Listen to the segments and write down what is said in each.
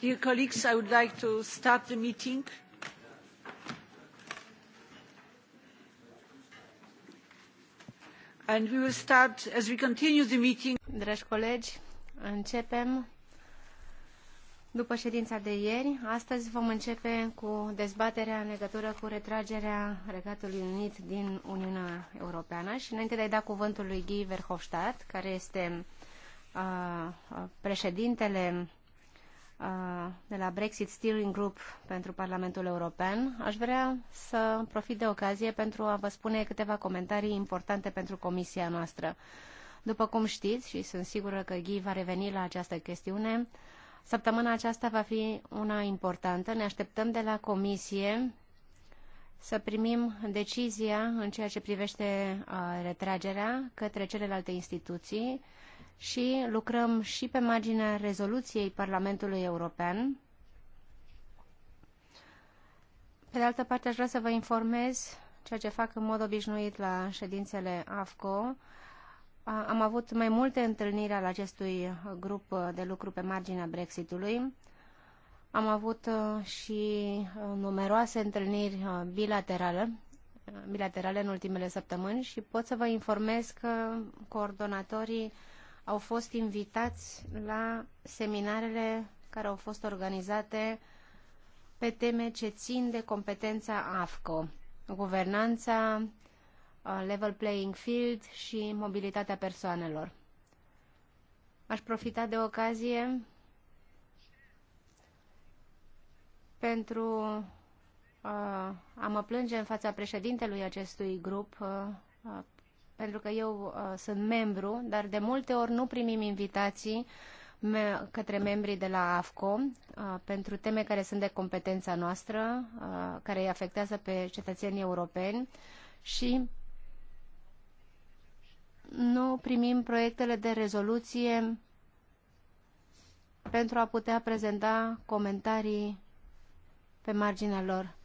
dear colleagues i would like to start the meeting. and we will start as we continue the meeting. dragi colegi începem după ședința de ieri. Astăzi vom începe cu dezbaterea în legătură cu retragerea Regatului Unit din Uniunea Europeană și înainte de a-i da cuvântul lui Guy Verhofstadt, care este uh, uh președintele de la Brexit Steering Group pentru Parlamentul European, aș vrea să profit de ocazie pentru a vă spune câteva comentarii importante pentru comisia noastră. După cum știți, și sunt sigură că Ghi va reveni la această chestiune, săptămâna aceasta va fi una importantă. Ne așteptăm de la comisie să primim decizia în ceea ce privește retragerea către celelalte instituții, și lucrăm și pe marginea rezoluției Parlamentului European. Pe de altă parte, aș vrea să vă informez ceea ce fac în mod obișnuit la ședințele AFCO. Am avut mai multe întâlniri al acestui grup de lucru pe marginea Brexitului. Am avut uh, și uh, numeroase întâlniri uh, bilaterale, bilaterale în ultimele săptămâni și pot să vă informez că coordonatorii au fost invitați la seminarele care au fost organizate pe teme ce țin de competența AFCO, guvernanța, uh, level playing field și mobilitatea persoanelor. Aș profita de ocazie pentru uh, a mă plânge în fața președintelui acestui grup uh, pentru că eu uh, sunt membru, dar de multe ori nu primim invitații me către membrii de la AFCO uh, pentru teme care sunt de competența noastră, uh, care îi afectează pe cetățenii europeni și nu primim proiectele de rezoluție pentru a putea prezenta comentarii pe marginea lor.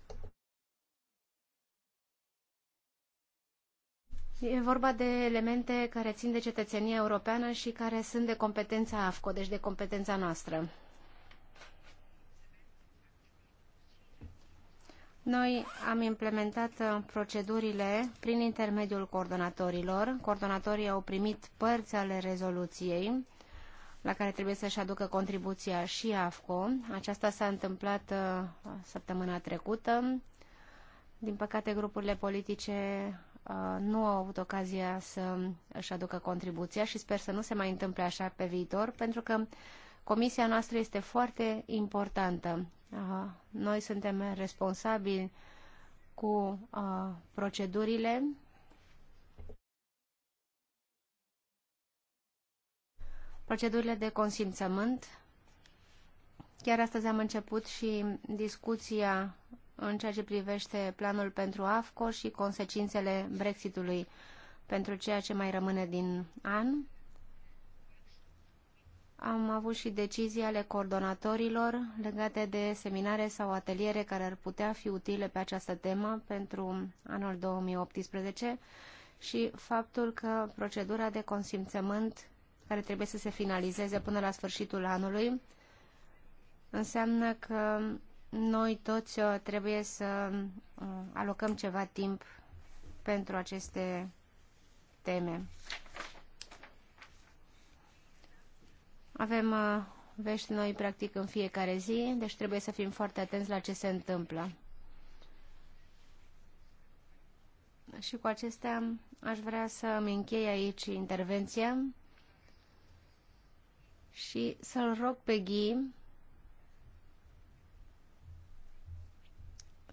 E vorba de elemente care țin de cetățenia europeană și care sunt de competența AFCO, deci de competența noastră. Noi am implementat uh, procedurile prin intermediul coordonatorilor. Coordonatorii au primit părți ale rezoluției la care trebuie să-și aducă contribuția și AFCO. Aceasta s-a întâmplat uh, săptămâna trecută. Din păcate, grupurile politice Uh, nu au avut ocazia să își aducă contribuția și sper să nu se mai întâmple așa pe viitor, pentru că comisia noastră este foarte importantă. Uh, noi suntem responsabili cu uh, procedurile procedurile de consimțământ. Chiar astăzi am început și discuția în ceea ce privește planul pentru AFCO și consecințele Brexitului pentru ceea ce mai rămâne din an. Am avut și decizii ale coordonatorilor legate de seminare sau ateliere care ar putea fi utile pe această temă pentru anul 2018 și faptul că procedura de consimțământ care trebuie să se finalizeze până la sfârșitul anului înseamnă că noi toți uh, trebuie să uh, alocăm ceva timp pentru aceste teme. Avem uh, vești noi practic în fiecare zi, deci trebuie să fim foarte atenți la ce se întâmplă. Și cu acestea aș vrea să îmi închei aici intervenția și să-l rog pe Ghi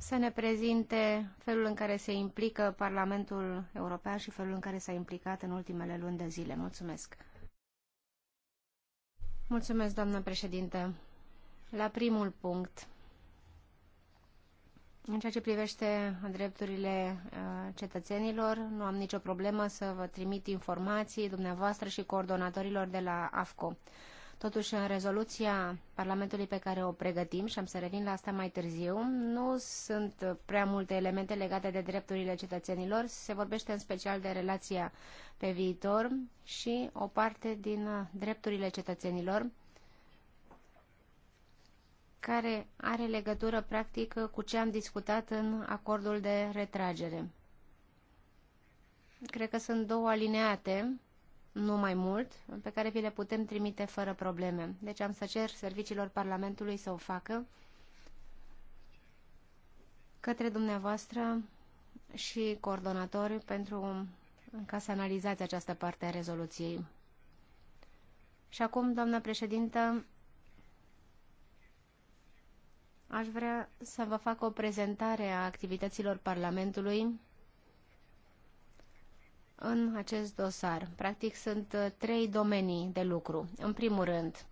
să ne prezinte felul în care se implică Parlamentul European și felul în care s-a implicat în ultimele luni de zile. Mulțumesc! Mulțumesc, doamnă președinte. La primul punct, în ceea ce privește drepturile uh, cetățenilor, nu am nicio problemă să vă trimit informații dumneavoastră și coordonatorilor de la AFCO. Totuși, în rezoluția Parlamentului pe care o pregătim, și am să revin la asta mai târziu, nu sunt prea multe elemente legate de drepturile cetățenilor. Se vorbește în special de relația pe viitor și o parte din drepturile cetățenilor care are legătură practic cu ce am discutat în acordul de retragere. Cred că sunt două alineate nu mai mult, pe care vi le putem trimite fără probleme. Deci am să cer serviciilor Parlamentului să o facă către dumneavoastră și coordonatori pentru ca să analizați această parte a rezoluției. Și acum, doamnă președintă, aș vrea să vă fac o prezentare a activităților Parlamentului în acest dosar. Practic sunt uh, trei domenii de lucru. În primul rând,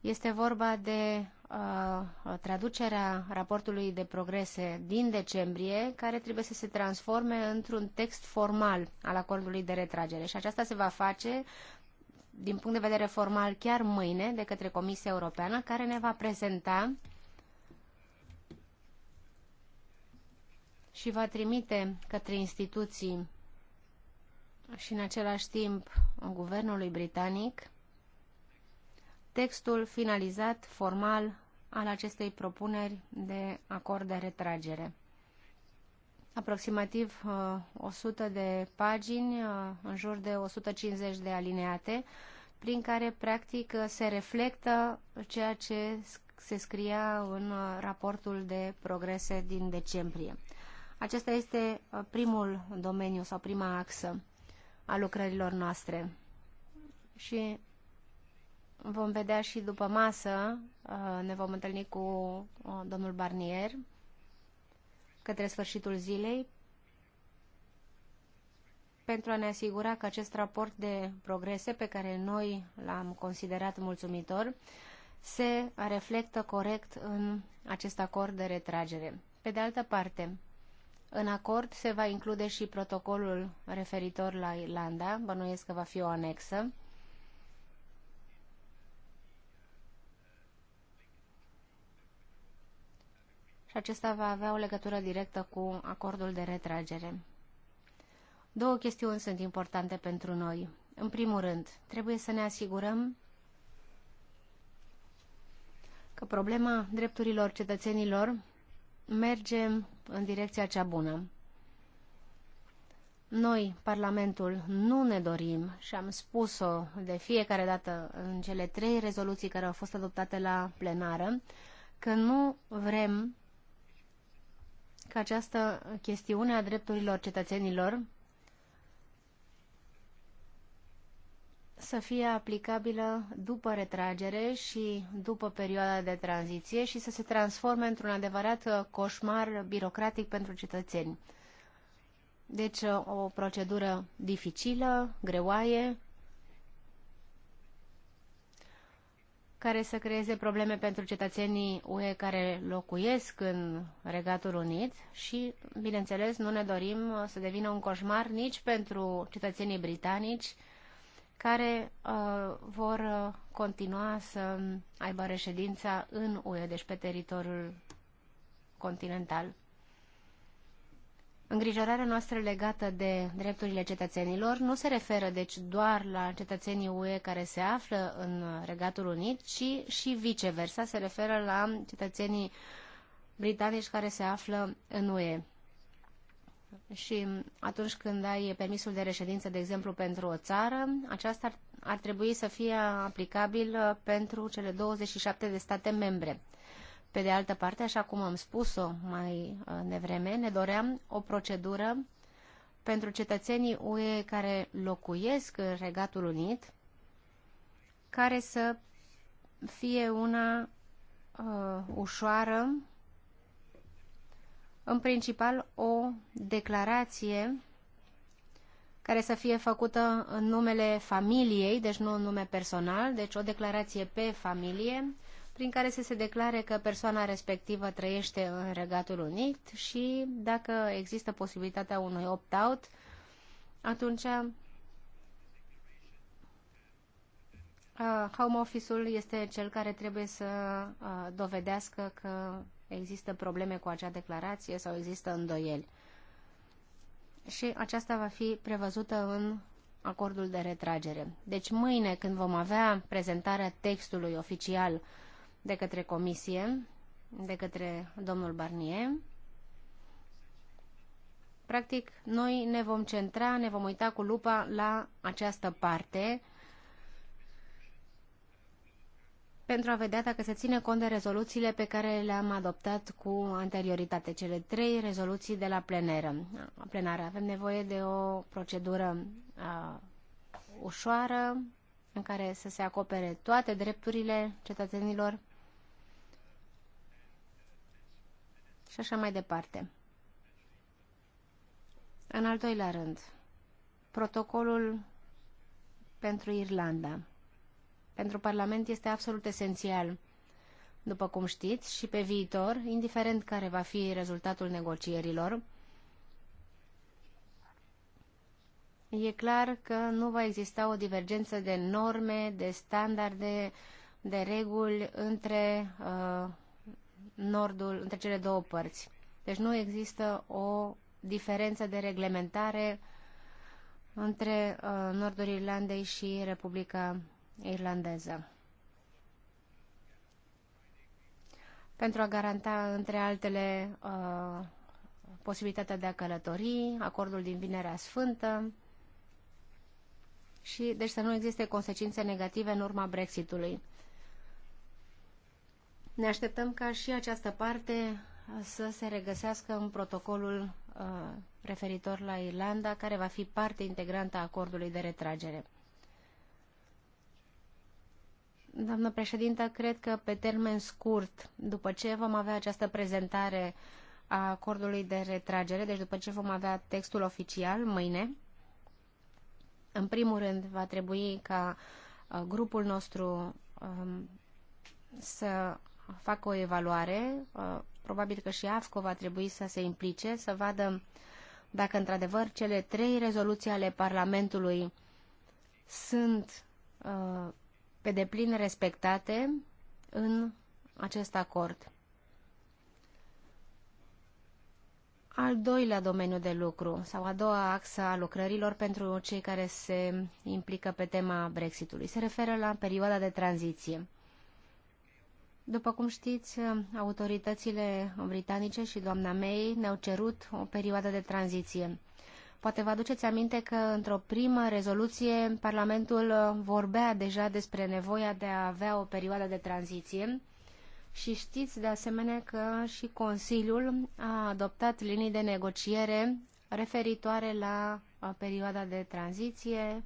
este vorba de uh, traducerea raportului de progrese din decembrie, care trebuie să se transforme într-un text formal al acordului de retragere. Și aceasta se va face din punct de vedere formal chiar mâine de către Comisia Europeană, care ne va prezenta și va trimite către instituții și în același timp guvernului britanic textul finalizat formal al acestei propuneri de acord de retragere. Aproximativ 100 uh, de pagini, uh, în jur de 150 de alineate, prin care practic uh, se reflectă ceea ce se scria în raportul de progrese din decembrie. Acesta este primul domeniu sau prima axă a lucrărilor noastre. Și vom vedea și după masă, uh, ne vom întâlni cu uh, domnul Barnier către sfârșitul zilei pentru a ne asigura că acest raport de progrese pe care noi l-am considerat mulțumitor se reflectă corect în acest acord de retragere. Pe de altă parte, în acord se va include și protocolul referitor la Irlanda, bănuiesc că va fi o anexă. Și acesta va avea o legătură directă cu acordul de retragere. Două chestiuni sunt importante pentru noi. În primul rând, trebuie să ne asigurăm că problema drepturilor cetățenilor mergem în direcția cea bună. Noi, Parlamentul, nu ne dorim și am spus-o de fiecare dată în cele trei rezoluții care au fost adoptate la plenară, că nu vrem ca această chestiune a drepturilor cetățenilor să fie aplicabilă după retragere și după perioada de tranziție și să se transforme într-un adevărat uh, coșmar birocratic pentru cetățeni. Deci uh, o procedură dificilă, greoaie, care să creeze probleme pentru cetățenii UE care locuiesc în Regatul Unit și, bineînțeles, nu ne dorim uh, să devină un coșmar nici pentru cetățenii britanici, care uh, vor uh, continua să aibă reședința în UE, deci pe teritoriul continental. Îngrijorarea noastră legată de drepturile cetățenilor nu se referă deci doar la cetățenii UE care se află în Regatul Unit, ci și viceversa, se referă la cetățenii britanici care se află în UE și atunci când ai permisul de reședință, de exemplu, pentru o țară, aceasta ar, ar trebui să fie aplicabil uh, pentru cele 27 de state membre. Pe de altă parte, așa cum am spus-o mai uh, devreme, ne doream o procedură pentru cetățenii UE care locuiesc în Regatul Unit, care să fie una uh, ușoară în principal o declarație care să fie făcută în numele familiei, deci nu în nume personal, deci o declarație pe familie, prin care să se declare că persoana respectivă trăiește în Regatul Unit și dacă există posibilitatea unui opt-out, atunci uh, Home Office-ul este cel care trebuie să uh, dovedească că există probleme cu acea declarație sau există îndoieli. Și aceasta va fi prevăzută în acordul de retragere. Deci mâine, când vom avea prezentarea textului oficial de către comisie, de către domnul Barnier, practic noi ne vom centra, ne vom uita cu lupa la această parte, pentru a vedea dacă se ține cont de rezoluțiile pe care le-am adoptat cu anterioritate, cele trei rezoluții de la plenară. plenară. Avem nevoie de o procedură a, ușoară în care să se acopere toate drepturile cetățenilor și așa mai departe. În al doilea rând, protocolul pentru Irlanda pentru Parlament este absolut esențial. După cum știți, și pe viitor, indiferent care va fi rezultatul negocierilor, e clar că nu va exista o divergență de norme, de standarde, de reguli între uh, nordul, între cele două părți. Deci nu există o diferență de reglementare între uh, Nordul Irlandei și Republica irlandeză. Pentru a garanta, între altele, uh, posibilitatea de a călători, acordul din Vinerea Sfântă și, deci, să nu existe consecințe negative în urma Brexitului. Ne așteptăm ca și această parte să se regăsească în protocolul uh, referitor la Irlanda, care va fi parte integrantă a acordului de retragere. Doamnă președintă, cred că pe termen scurt, după ce vom avea această prezentare a acordului de retragere, deci după ce vom avea textul oficial mâine, în primul rând va trebui ca uh, grupul nostru um, să facă o evaluare, uh, probabil că și AFCO va trebui să se implice, să vadă dacă într-adevăr cele trei rezoluții ale Parlamentului sunt uh, pe deplin respectate în acest acord. Al doilea domeniu de lucru sau a doua axă a lucrărilor pentru cei care se implică pe tema Brexitului se referă la perioada de tranziție. După cum știți, autoritățile britanice și doamna May ne-au cerut o perioadă de tranziție. Poate vă aduceți aminte că într-o primă rezoluție Parlamentul uh, vorbea deja despre nevoia de a avea o perioadă de tranziție și știți de asemenea că și Consiliul a adoptat linii de negociere referitoare la uh, perioada de tranziție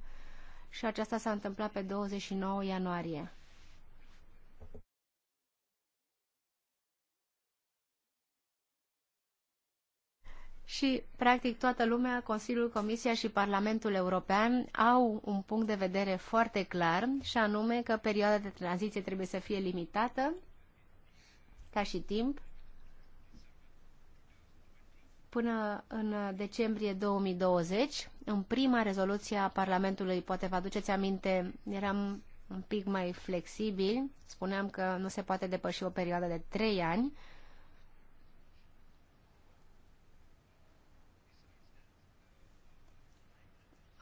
și aceasta s-a întâmplat pe 29 ianuarie. și, practic, toată lumea, Consiliul, Comisia și Parlamentul European au un punct de vedere foarte clar și anume că perioada de tranziție trebuie să fie limitată ca și timp până în decembrie 2020. În prima rezoluție a Parlamentului, poate vă aduceți aminte, eram un pic mai flexibil, spuneam că nu se poate depăși o perioadă de trei ani,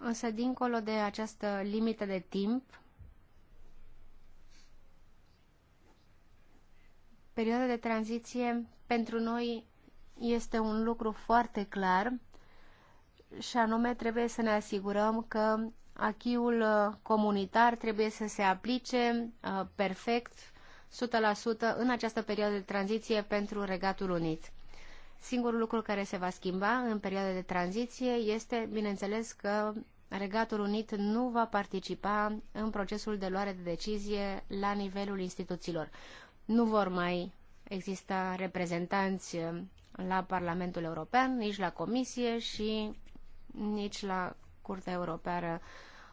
Însă, dincolo de această limită de timp, perioada de tranziție pentru noi este un lucru foarte clar și anume trebuie să ne asigurăm că achiul uh, comunitar trebuie să se aplice uh, perfect 100% în această perioadă de tranziție pentru Regatul Unit. Singurul lucru care se va schimba în perioada de tranziție este, bineînțeles, că Regatul Unit nu va participa în procesul de luare de decizie la nivelul instituțiilor. Nu vor mai exista reprezentanți eh, la Parlamentul European, nici la Comisie și nici la Curtea Europeană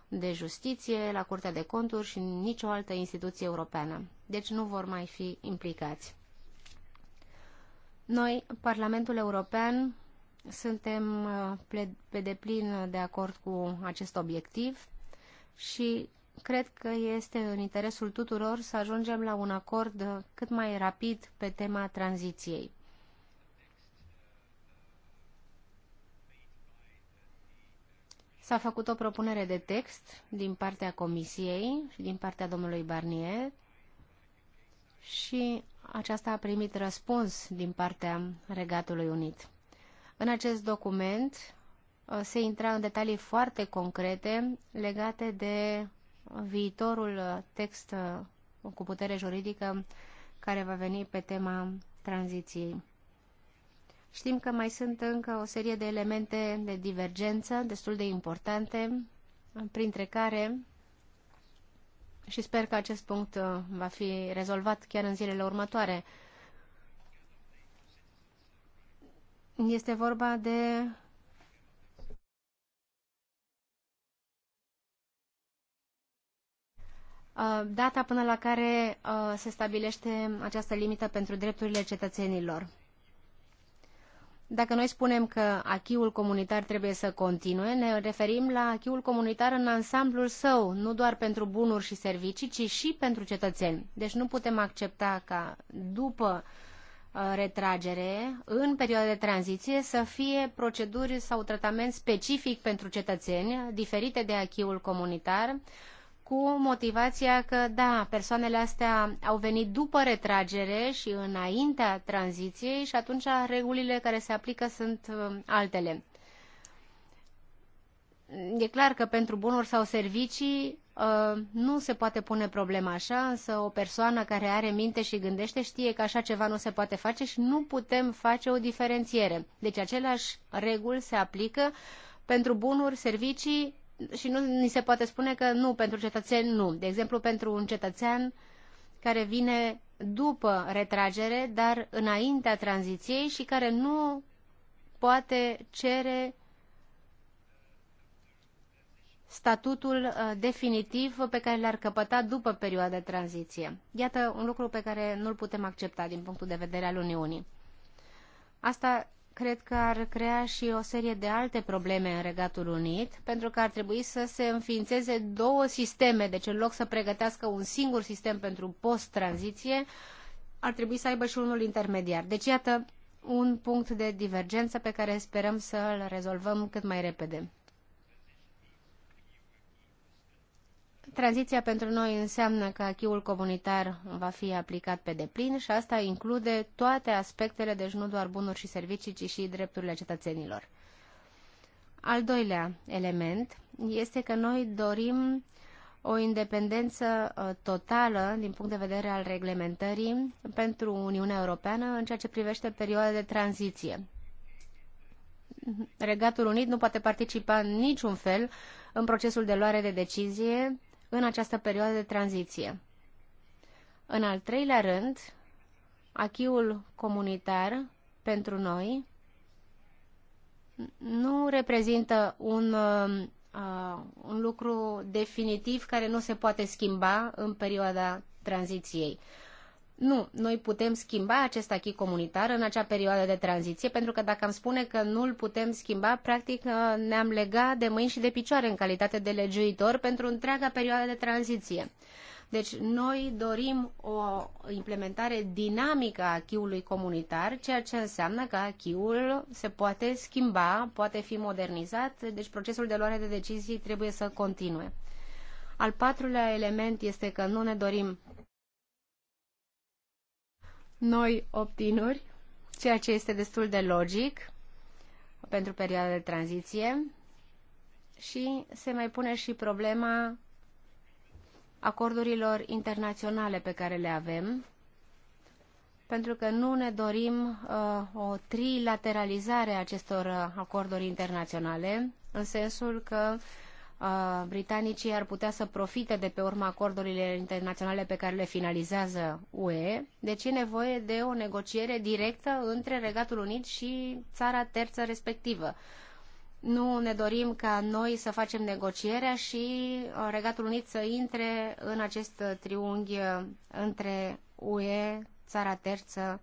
de Justiție, la Curtea de Conturi și nicio altă instituție europeană. Deci nu vor mai fi implicați. Noi, Parlamentul European, suntem uh, pe deplin de acord cu acest obiectiv și cred că este în interesul tuturor să ajungem la un acord cât mai rapid pe tema tranziției. S-a făcut o propunere de text din partea Comisiei și din partea domnului Barnier și aceasta a primit răspuns din partea Regatului Unit. În acest document uh, se intra în detalii foarte concrete legate de viitorul uh, text uh, cu putere juridică care va veni pe tema tranziției. Știm că mai sunt încă o serie de elemente de divergență destul de importante, printre care și sper că acest punct va fi rezolvat chiar în zilele următoare. Este vorba de uh, data până la care uh, se stabilește această limită pentru drepturile cetățenilor. Dacă noi spunem că achiul comunitar trebuie să continue, ne referim la achiul comunitar în ansamblul său, nu doar pentru bunuri și servicii, ci și pentru cetățeni. Deci nu putem accepta ca după uh, Uh, retragere în perioada de tranziție să fie proceduri sau tratament specific pentru cetățeni, diferite de achiul comunitar, cu motivația că, da, persoanele astea au venit după retragere și înaintea tranziției și atunci regulile care se aplică sunt uh, altele. E clar că pentru bunuri sau servicii Uh, nu se poate pune problema așa, însă o persoană care are minte și gândește știe că așa ceva nu se poate face și nu putem face o diferențiere. Deci aceleași reguli se aplică pentru bunuri, servicii și nu ni se poate spune că nu, pentru cetățeni nu. De exemplu, pentru un cetățean care vine după retragere, dar înaintea tranziției și care nu poate cere statutul uh, definitiv pe care le-ar căpăta după perioada de tranziție. Iată un lucru pe care nu-l putem accepta din punctul de vedere al Uniunii. Asta cred că ar crea și o serie de alte probleme în Regatul Unit, pentru că ar trebui să se înființeze două sisteme, deci în loc să pregătească un singur sistem pentru post-tranziție, ar trebui să aibă și unul intermediar. Deci iată un punct de divergență pe care sperăm să l rezolvăm cât mai repede. Tranziția pentru noi înseamnă că achiul comunitar va fi aplicat pe deplin și asta include toate aspectele, deci nu doar bunuri și servicii, ci și drepturile cetățenilor. Al doilea element este că noi dorim o independență uh, totală din punct de vedere al reglementării pentru Uniunea Europeană în ceea ce privește perioada de tranziție. Regatul Unit nu poate participa în niciun fel în procesul de luare de decizie în această perioadă de tranziție. În al treilea rând, achiul comunitar pentru noi nu reprezintă un, uh, uh un lucru definitiv care nu se poate schimba în perioada tranziției. Nu, noi putem schimba acest achi comunitar în acea perioadă de tranziție, pentru că dacă am spune că nu îl putem schimba, practic uh, ne-am legat de mâini și de picioare în calitate de legiuitor pentru întreaga perioadă de tranziție. Deci noi dorim o implementare dinamică a achiului comunitar, ceea ce înseamnă că achiul se poate schimba, poate fi modernizat, deci procesul de luare de decizii trebuie să continue. Al patrulea element este că nu ne dorim noi optinuri, ceea ce este destul de logic pentru perioada de tranziție și se mai pune și problema acordurilor internaționale pe care le avem, pentru că nu ne dorim uh, o trilateralizare a acestor uh, acorduri internaționale, în sensul că uh, britanicii ar putea să profite de pe urma acordurile internaționale pe care le finalizează UE, deci e nevoie de o negociere directă între Regatul Unit și țara terță respectivă. Nu ne dorim ca noi să facem negocierea și Regatul Unit să intre în acest triunghi între UE, țara terță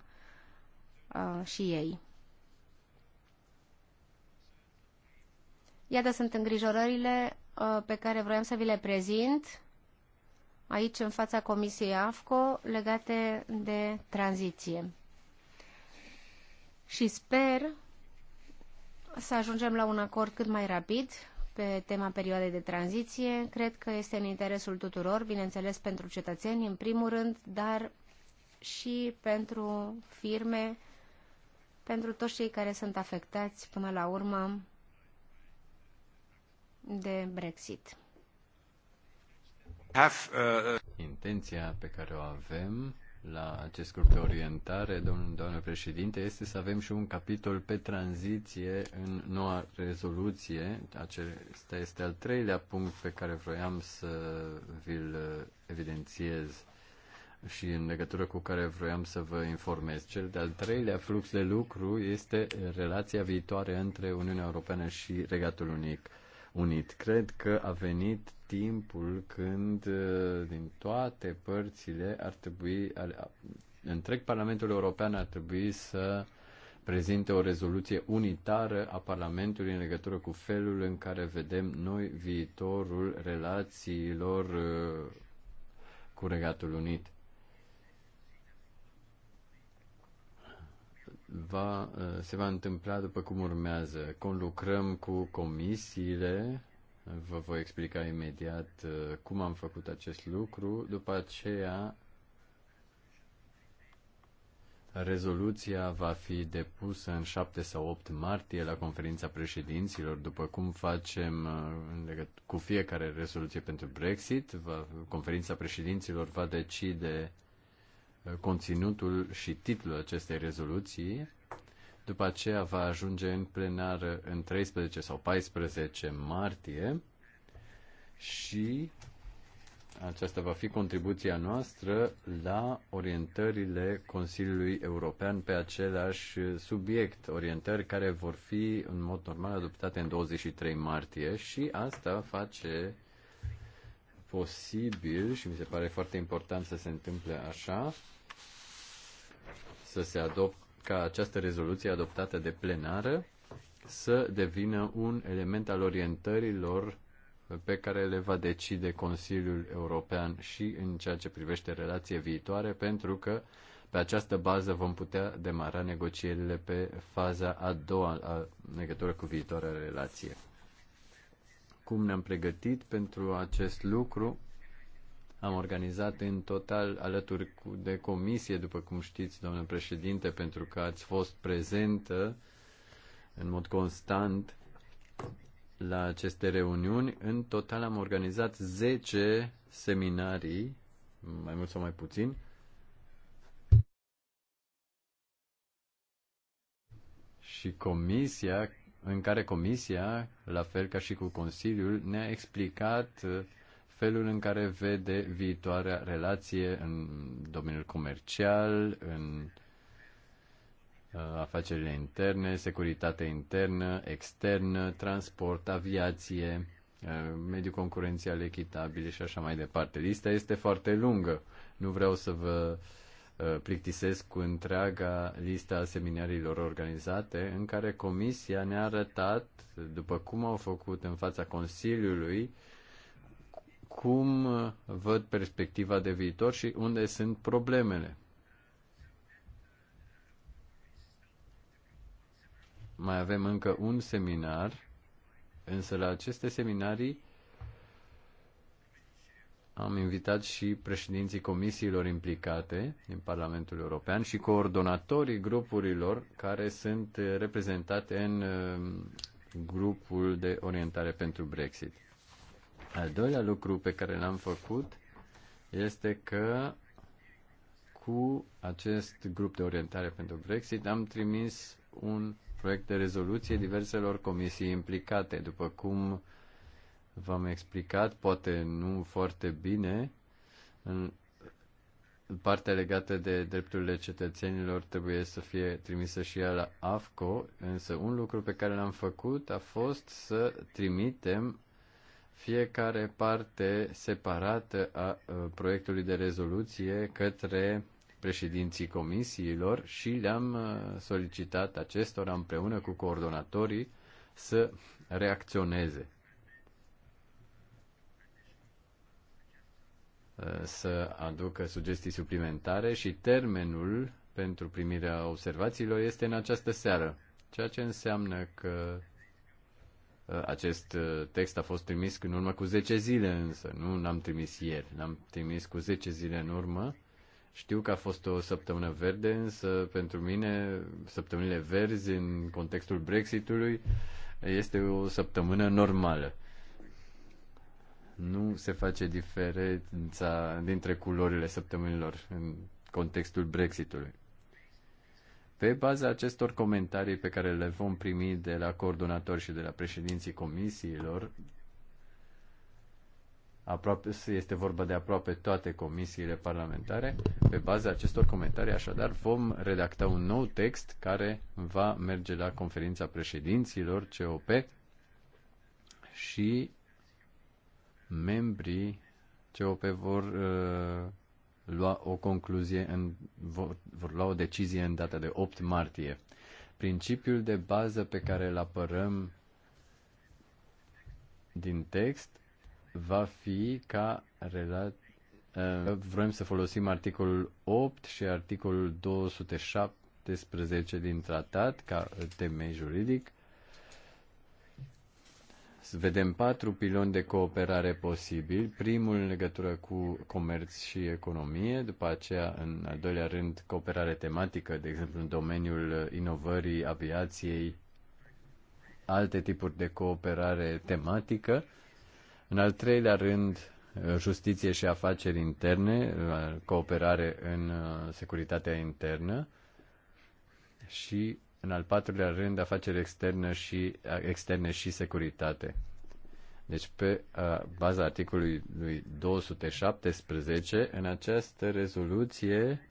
și ei. Iată sunt îngrijorările Uh, pe care vroiam să vi le prezint aici în fața Comisiei AFCO legate de tranziție. Și sper să ajungem la un acord cât mai rapid pe tema perioadei de tranziție. Cred că este în interesul tuturor, bineînțeles pentru cetățeni în primul rând, dar și pentru firme, pentru toți cei care sunt afectați până la urmă de Brexit. Uh, uh, Intenția pe care o avem la acest grup de orientare, domnul, doamnă președinte, este să avem și un capitol pe tranziție în noua rezoluție. Acesta este al treilea punct pe care vroiam să vi-l uh, evidențiez și în legătură cu care vroiam să vă informez. Cel de-al treilea flux de lucru este relația viitoare între Uniunea Europeană și Regatul Unic unit. Cred că a venit timpul când uh, din toate părțile ar trebui, ar, întreg Parlamentul European ar trebui să prezinte o rezoluție unitară a Parlamentului în legătură cu felul în care vedem noi viitorul relațiilor uh, cu Regatul Unit. va, uh, se va întâmpla după cum urmează. Conlucrăm cu comisiile, vă voi explica imediat uh, cum am făcut acest lucru. După aceea, rezoluția va fi depusă în 7 sau 8 martie la conferința președinților, după cum facem uh, cu fiecare rezoluție pentru Brexit. Va, conferința președinților va decide conținutul și titlul acestei rezoluții. După aceea va ajunge în plenar în 13 sau 14 martie și aceasta va fi contribuția noastră la orientările Consiliului European pe același subiect, orientări care vor fi în mod normal adoptate în 23 martie și asta face posibil și mi se pare foarte important să se întâmple așa să se adopte ca această rezoluție adoptată de plenară să devină un element al orientărilor pe care le va decide Consiliul European și în ceea ce privește relație viitoare, pentru că pe această bază vom putea demara negocierile pe faza a doua a legătură cu viitoarea relație. Cum ne-am pregătit pentru acest lucru? Am organizat în total alături de comisie, după cum știți, doamnă președinte, pentru că ați fost prezentă în mod constant la aceste reuniuni. În total am organizat 10 seminarii, mai mult sau mai puțin, și comisia, în care comisia, la fel ca și cu Consiliul, ne-a explicat felul în care vede viitoarea relație în domeniul comercial, în uh, afacerile interne, securitate internă, externă, transport, aviație, uh, mediu concurențial echitabil și așa mai departe. Lista este foarte lungă. Nu vreau să vă uh, plictisesc cu întreaga lista a seminariilor organizate în care comisia ne-a arătat, după cum au făcut în fața Consiliului, uh, cum văd perspectiva de viitor și unde sunt problemele. Mai avem încă un seminar, însă la aceste seminarii am invitat și președinții comisiilor implicate din Parlamentul European și coordonatorii grupurilor care sunt reprezentate în um, grupul de orientare pentru Brexit. Al doilea lucru pe care l-am făcut este că cu acest grup de orientare pentru Brexit am trimis un proiect de rezoluție diverselor comisii implicate. După cum v-am explicat, poate nu foarte bine, în partea legată de drepturile cetățenilor trebuie să fie trimisă și ea la AFCO, însă un lucru pe care l-am făcut a fost să trimitem fiecare parte separată a uh, proiectului de rezoluție către președinții comisiilor și le-am uh, solicitat acestora împreună cu coordonatorii să reacționeze. Uh, să aducă sugestii suplimentare și termenul pentru primirea observațiilor este în această seară, ceea ce înseamnă că Uh, acest uh, text a fost trimis în urmă cu 10 zile însă, nu l-am trimis ieri, l-am trimis cu 10 zile în urmă. Știu că a fost o săptămână verde, însă pentru mine săptămânile verzi în contextul Brexitului este o săptămână normală. Nu se face diferența dintre culorile săptămânilor în contextul Brexitului. Pe baza acestor comentarii pe care le vom primi de la coordonatori și de la președinții comisiilor, aproape, este vorba de aproape toate comisiile parlamentare. Pe baza acestor comentarii, așadar, vom redacta un nou text care va merge la conferința președinților COP și membrii COP vor uh, lua o concluzie, în, vor lua o decizie în data de 8 martie. Principiul de bază pe care îl apărăm din text va fi ca relat uh, vrem să folosim articolul 8 și articolul 217 din tratat ca temei juridic vedem patru piloni de cooperare posibil. Primul în legătură cu comerț și economie, după aceea, în al doilea rând, cooperare tematică, de exemplu, în domeniul inovării, aviației, alte tipuri de cooperare tematică. În al treilea rând, justiție și afaceri interne, cooperare în uh, securitatea internă și în al patrulea rând, afaceri externe și, externe și securitate. Deci, pe uh, baza articolului 217, în această rezoluție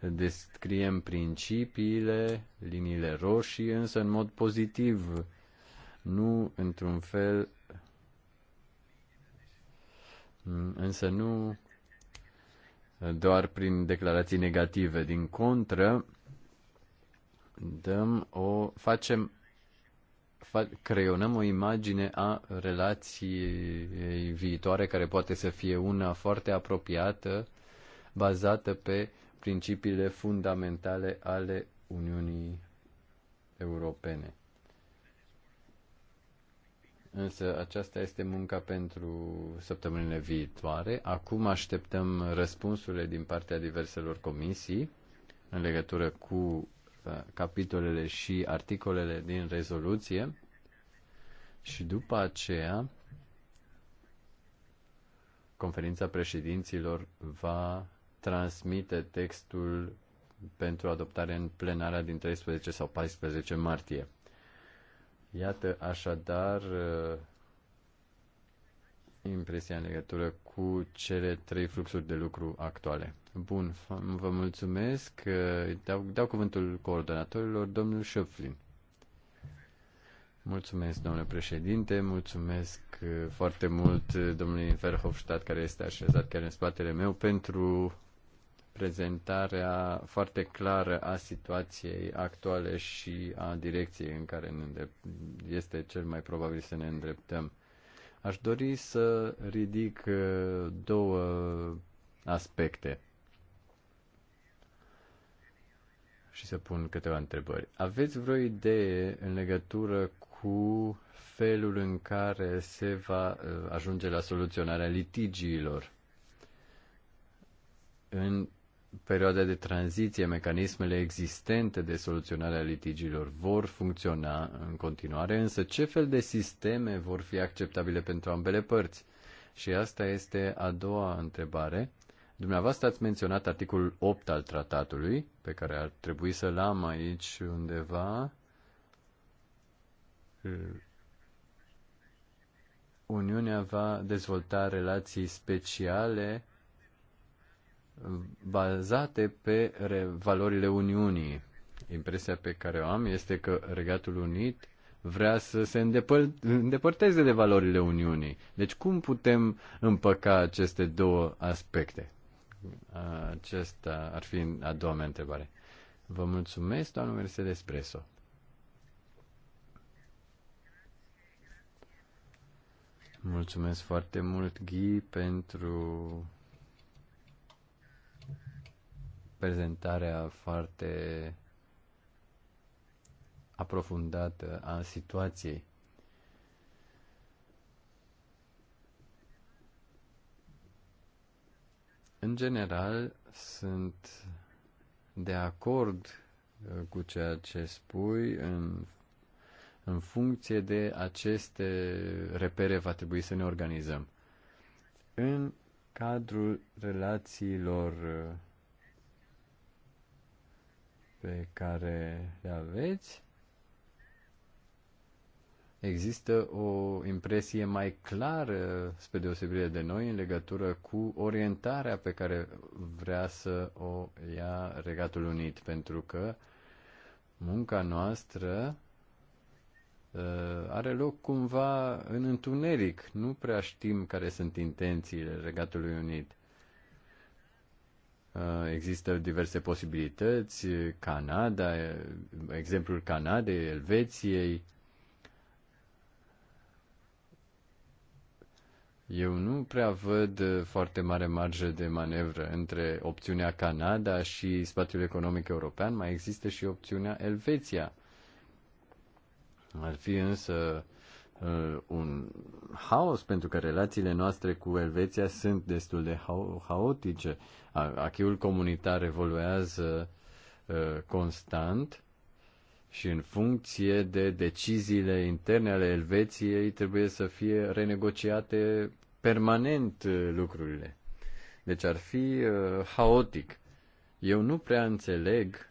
descriem principiile, liniile roșii, însă în mod pozitiv, nu într-un fel, însă nu doar prin declarații negative. Din contră, dăm o, facem, fa, creionăm o imagine a relației viitoare care poate să fie una foarte apropiată, bazată pe principiile fundamentale ale Uniunii Europene. Însă aceasta este munca pentru săptămânile viitoare. Acum așteptăm răspunsurile din partea diverselor comisii în legătură cu Uh, capitolele și articolele din rezoluție și după aceea conferința președinților va transmite textul pentru adoptare în plenarea din 13 sau 14 martie. Iată așadar uh, impresia în legătură cu cele trei fluxuri de lucru actuale. Bun, vă mulțumesc. Uh, dau, dau cuvântul coordonatorilor, domnul Șöpflin. Mulțumesc, domnule președinte, mulțumesc uh, foarte mult uh, domnului Verhofstadt, care este așezat chiar în spatele meu, pentru prezentarea foarte clară a situației actuale și a direcției în care este cel mai probabil să ne îndreptăm. Aș dori să ridic uh, două aspecte și să pun câteva întrebări. Aveți vreo idee în legătură cu felul în care se va uh, ajunge la soluționarea litigiilor în perioada de tranziție, mecanismele existente de soluționare a litigiilor vor funcționa în continuare, însă ce fel de sisteme vor fi acceptabile pentru ambele părți? Și asta este a doua întrebare. Dumneavoastră ați menționat articolul 8 al tratatului, pe care ar trebui să-l am aici undeva. Uniunea va dezvolta relații speciale bazate pe valorile Uniunii. Impresia pe care o am este că Regatul Unit vrea să se îndepărteze de valorile Uniunii. Deci cum putem împăca aceste două aspecte? Acesta ar fi a doua mea întrebare. Vă mulțumesc, doamnă Mercedes Preso. Mulțumesc foarte mult, Ghi, pentru prezentarea foarte aprofundată a situației. În general, sunt de acord uh, cu ceea ce spui în, în funcție de aceste repere va trebui să ne organizăm. În cadrul relațiilor uh, pe care le aveți, există o impresie mai clară, spre deosebire de noi, în legătură cu orientarea pe care vrea să o ia Regatul Unit, pentru că munca noastră uh, are loc cumva în întuneric. Nu prea știm care sunt intențiile Regatului Unit. Uh, există diverse posibilități, Canada, exemplul Canadei, Elveției. Eu nu prea văd foarte mare marjă de manevră între opțiunea Canada și spațiul economic european, mai există și opțiunea Elveția. Ar fi însă Uh, un haos, pentru că relațiile noastre cu Elveția sunt destul de haotice. Achiul comunitar evoluează uh, constant și în funcție de deciziile interne ale Elveției trebuie să fie renegociate permanent uh, lucrurile. Deci ar fi haotic. Eu nu prea înțeleg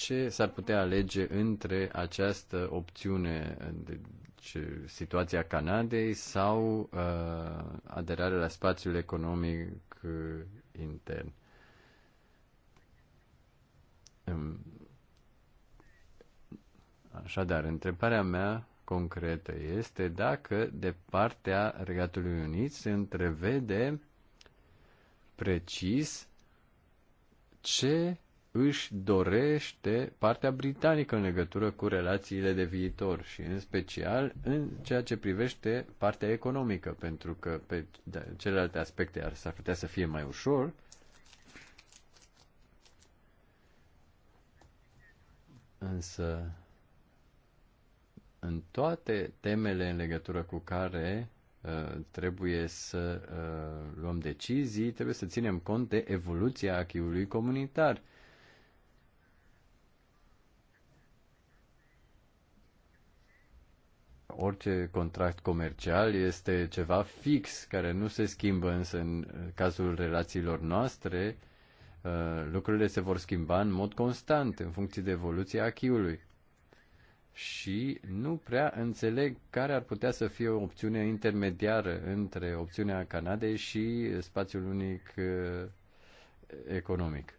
ce s-ar putea alege între această opțiune, deci situația Canadei sau uh, aderarea la spațiul economic uh, intern? Um, așadar, întrebarea mea concretă este dacă de partea Regatului Unit se întrevede precis ce își dorește partea britanică în legătură cu relațiile de viitor și în special în ceea ce privește partea economică, pentru că pe celelalte aspecte ar, s-ar putea să fie mai ușor. Însă în toate temele în legătură cu care uh, trebuie să uh, luăm decizii, trebuie să ținem cont de evoluția achiului comunitar. Uh, orice contract comercial este ceva fix, care nu se schimbă, însă în cazul relațiilor noastre, uh, lucrurile se vor schimba în mod constant, în funcție de evoluția achiului. Și nu prea înțeleg care ar putea să fie o opțiune intermediară între opțiunea Canadei și spațiul unic uh, economic.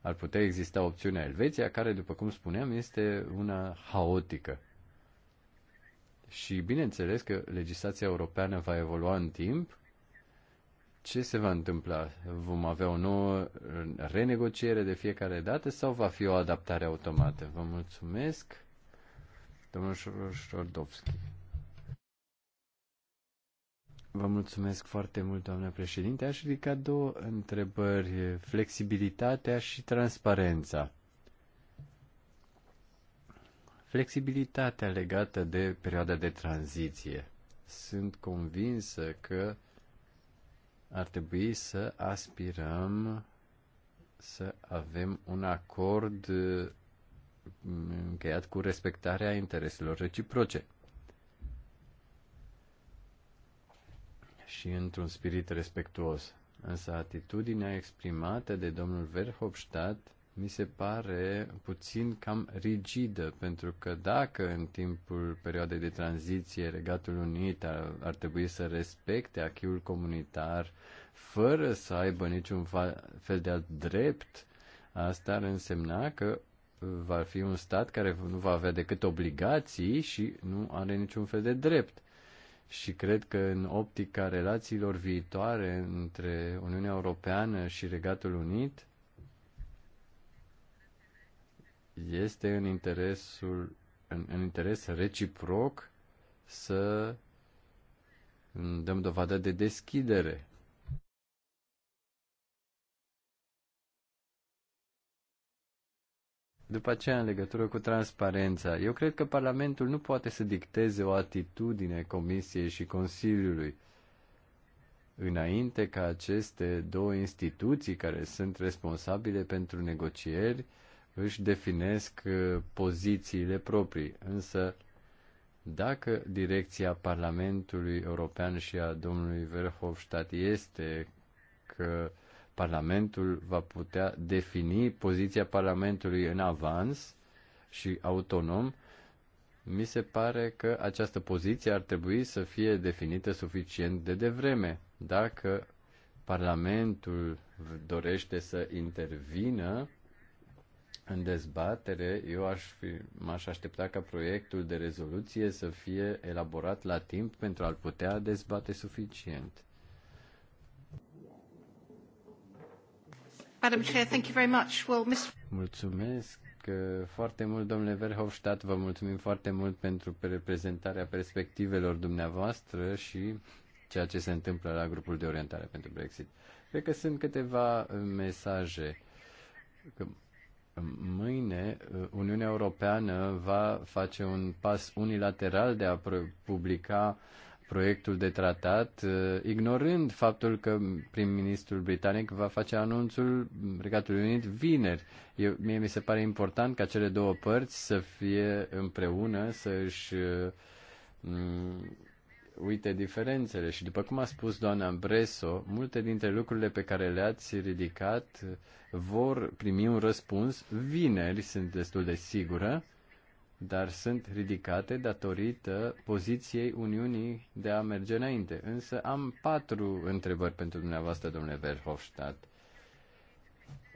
Ar putea exista opțiunea Elveția, care, după cum spuneam, este una haotică. Și bineînțeles că legislația europeană va evolua în timp. Ce se va întâmpla? Vom avea o nouă renegociere de fiecare dată sau va fi o adaptare automată? Vă mulțumesc, domnul Șordovski. Vă mulțumesc foarte mult, doamna președinte. Aș ridica două întrebări, flexibilitatea și transparența flexibilitatea legată de perioada de tranziție. Sunt convinsă că ar trebui să aspirăm să avem un acord mm, încheiat cu respectarea intereselor reciproce. Și într-un spirit respectuos. Însă atitudinea exprimată de domnul Verhofstadt mi se pare puțin cam rigidă, pentru că dacă în timpul perioadei de tranziție Regatul Unit ar, ar trebui să respecte achiul comunitar fără să aibă niciun fel de alt drept, asta ar însemna că uh, va fi un stat care nu va avea decât obligații și nu are niciun fel de drept. Și cred că în optica relațiilor viitoare între Uniunea Europeană și Regatul Unit, este în interesul în, în interes reciproc să dăm dovadă de deschidere. După aceea, în legătură cu transparența, eu cred că Parlamentul nu poate să dicteze o atitudine Comisiei și Consiliului înainte ca aceste două instituții care sunt responsabile pentru negocieri își definesc uh, pozițiile proprii, însă dacă direcția Parlamentului European și a domnului Verhofstadt este că Parlamentul va putea defini poziția Parlamentului în avans și autonom, mi se pare că această poziție ar trebui să fie definită suficient de devreme. Dacă Parlamentul dorește să intervină, în dezbatere, eu aș fi, m-aș aștepta ca proiectul de rezoluție să fie elaborat la timp pentru a-l putea dezbate suficient. Madam Chair, thank you very much. Well, Ms. Mulțumesc uh, foarte mult, domnule Verhofstadt, vă mulțumim foarte mult pentru prezentarea perspectivelor dumneavoastră și ceea ce se întâmplă la grupul de orientare pentru Brexit. Cred că sunt câteva uh, mesaje Mâine, uh, Uniunea Europeană va face un pas unilateral de a publica proiectul de tratat, uh, ignorând faptul că prim-ministrul britanic va face anunțul Regatului Unit vineri. Eu, mie mi se pare important ca cele două părți să fie împreună, să își uh, uite diferențele și după cum a spus doamna Bresso, multe dintre lucrurile pe care le-ați ridicat vor primi un răspuns vineri, sunt destul de sigură, dar sunt ridicate datorită poziției Uniunii de a merge înainte. Însă am patru întrebări pentru dumneavoastră, domnule Verhofstadt.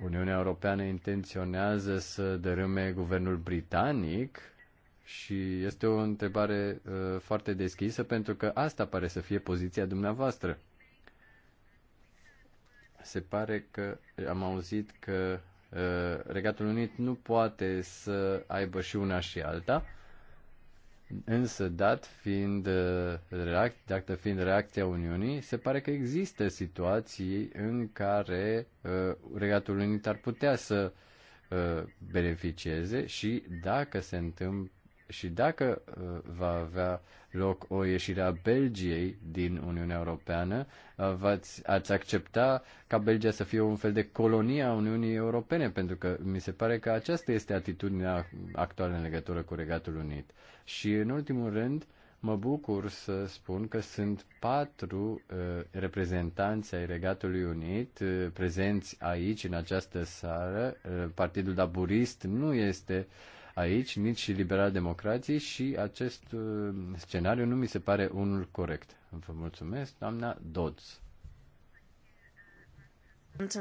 Uniunea Europeană intenționează să dărâme guvernul britanic și este o întrebare uh, foarte deschisă pentru că asta pare să fie poziția dumneavoastră. Se pare că am auzit că uh, Regatul Unit nu poate să aibă și una și alta, însă dat fiind, uh, reac, dată fiind reacția Uniunii, se pare că există situații în care uh, Regatul Unit ar putea să uh, beneficieze și dacă se întâmplă și dacă uh, va avea loc o ieșire a Belgiei din Uniunea Europeană, uh, v-ați, ați accepta ca Belgia să fie un fel de colonie a Uniunii Europene, pentru că mi se pare că aceasta este atitudinea actuală în legătură cu Regatul Unit. Și în ultimul rând, mă bucur să spun că sunt patru uh, reprezentanți ai Regatului Unit uh, prezenți aici, în această sală. Uh, Partidul Laburist nu este uh, aici, nici și liberal-democrații și acest uh, scenariu nu mi se pare unul corect. Vă mulțumesc, doamna Dodds. Vă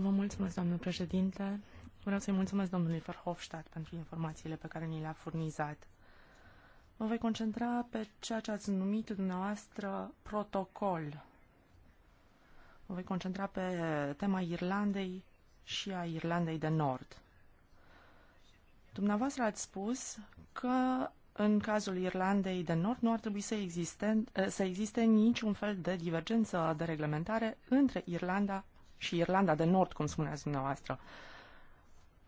mulțumesc, doamnă președinte. Vreau să-i mulțumesc domnului Verhofstadt pentru informațiile pe care ni le-a furnizat. Mă voi concentra pe ceea ce ați numit dumneavoastră protocol. Mă voi concentra pe tema Irlandei și a Irlandei de Nord. Dumneavoastră ați spus că în cazul Irlandei de Nord nu ar trebui să existe, eh, să existe niciun fel de divergență de reglementare între Irlanda și Irlanda de Nord, cum spuneați dumneavoastră.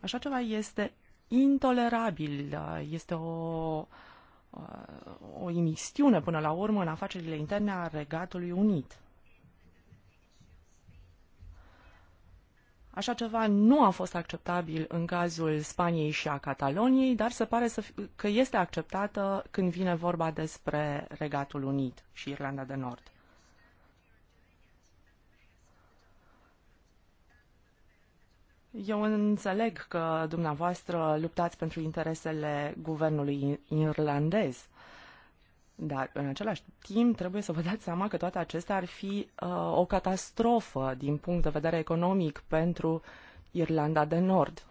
Așa ceva este intolerabil, eh, este o, eh, o imixtiune până la urmă în afacerile interne a Regatului Unit. Așa ceva nu a fost acceptabil în cazul Spaniei și a Cataloniei, dar se pare să că este acceptată când vine vorba despre Regatul Unit și Irlanda de Nord. Eu înțeleg că dumneavoastră luptați pentru interesele guvernului irlandez, dar, în același timp, trebuie să vă dați seama că toate acestea ar fi uh, o catastrofă din punct de vedere economic pentru Irlanda de Nord.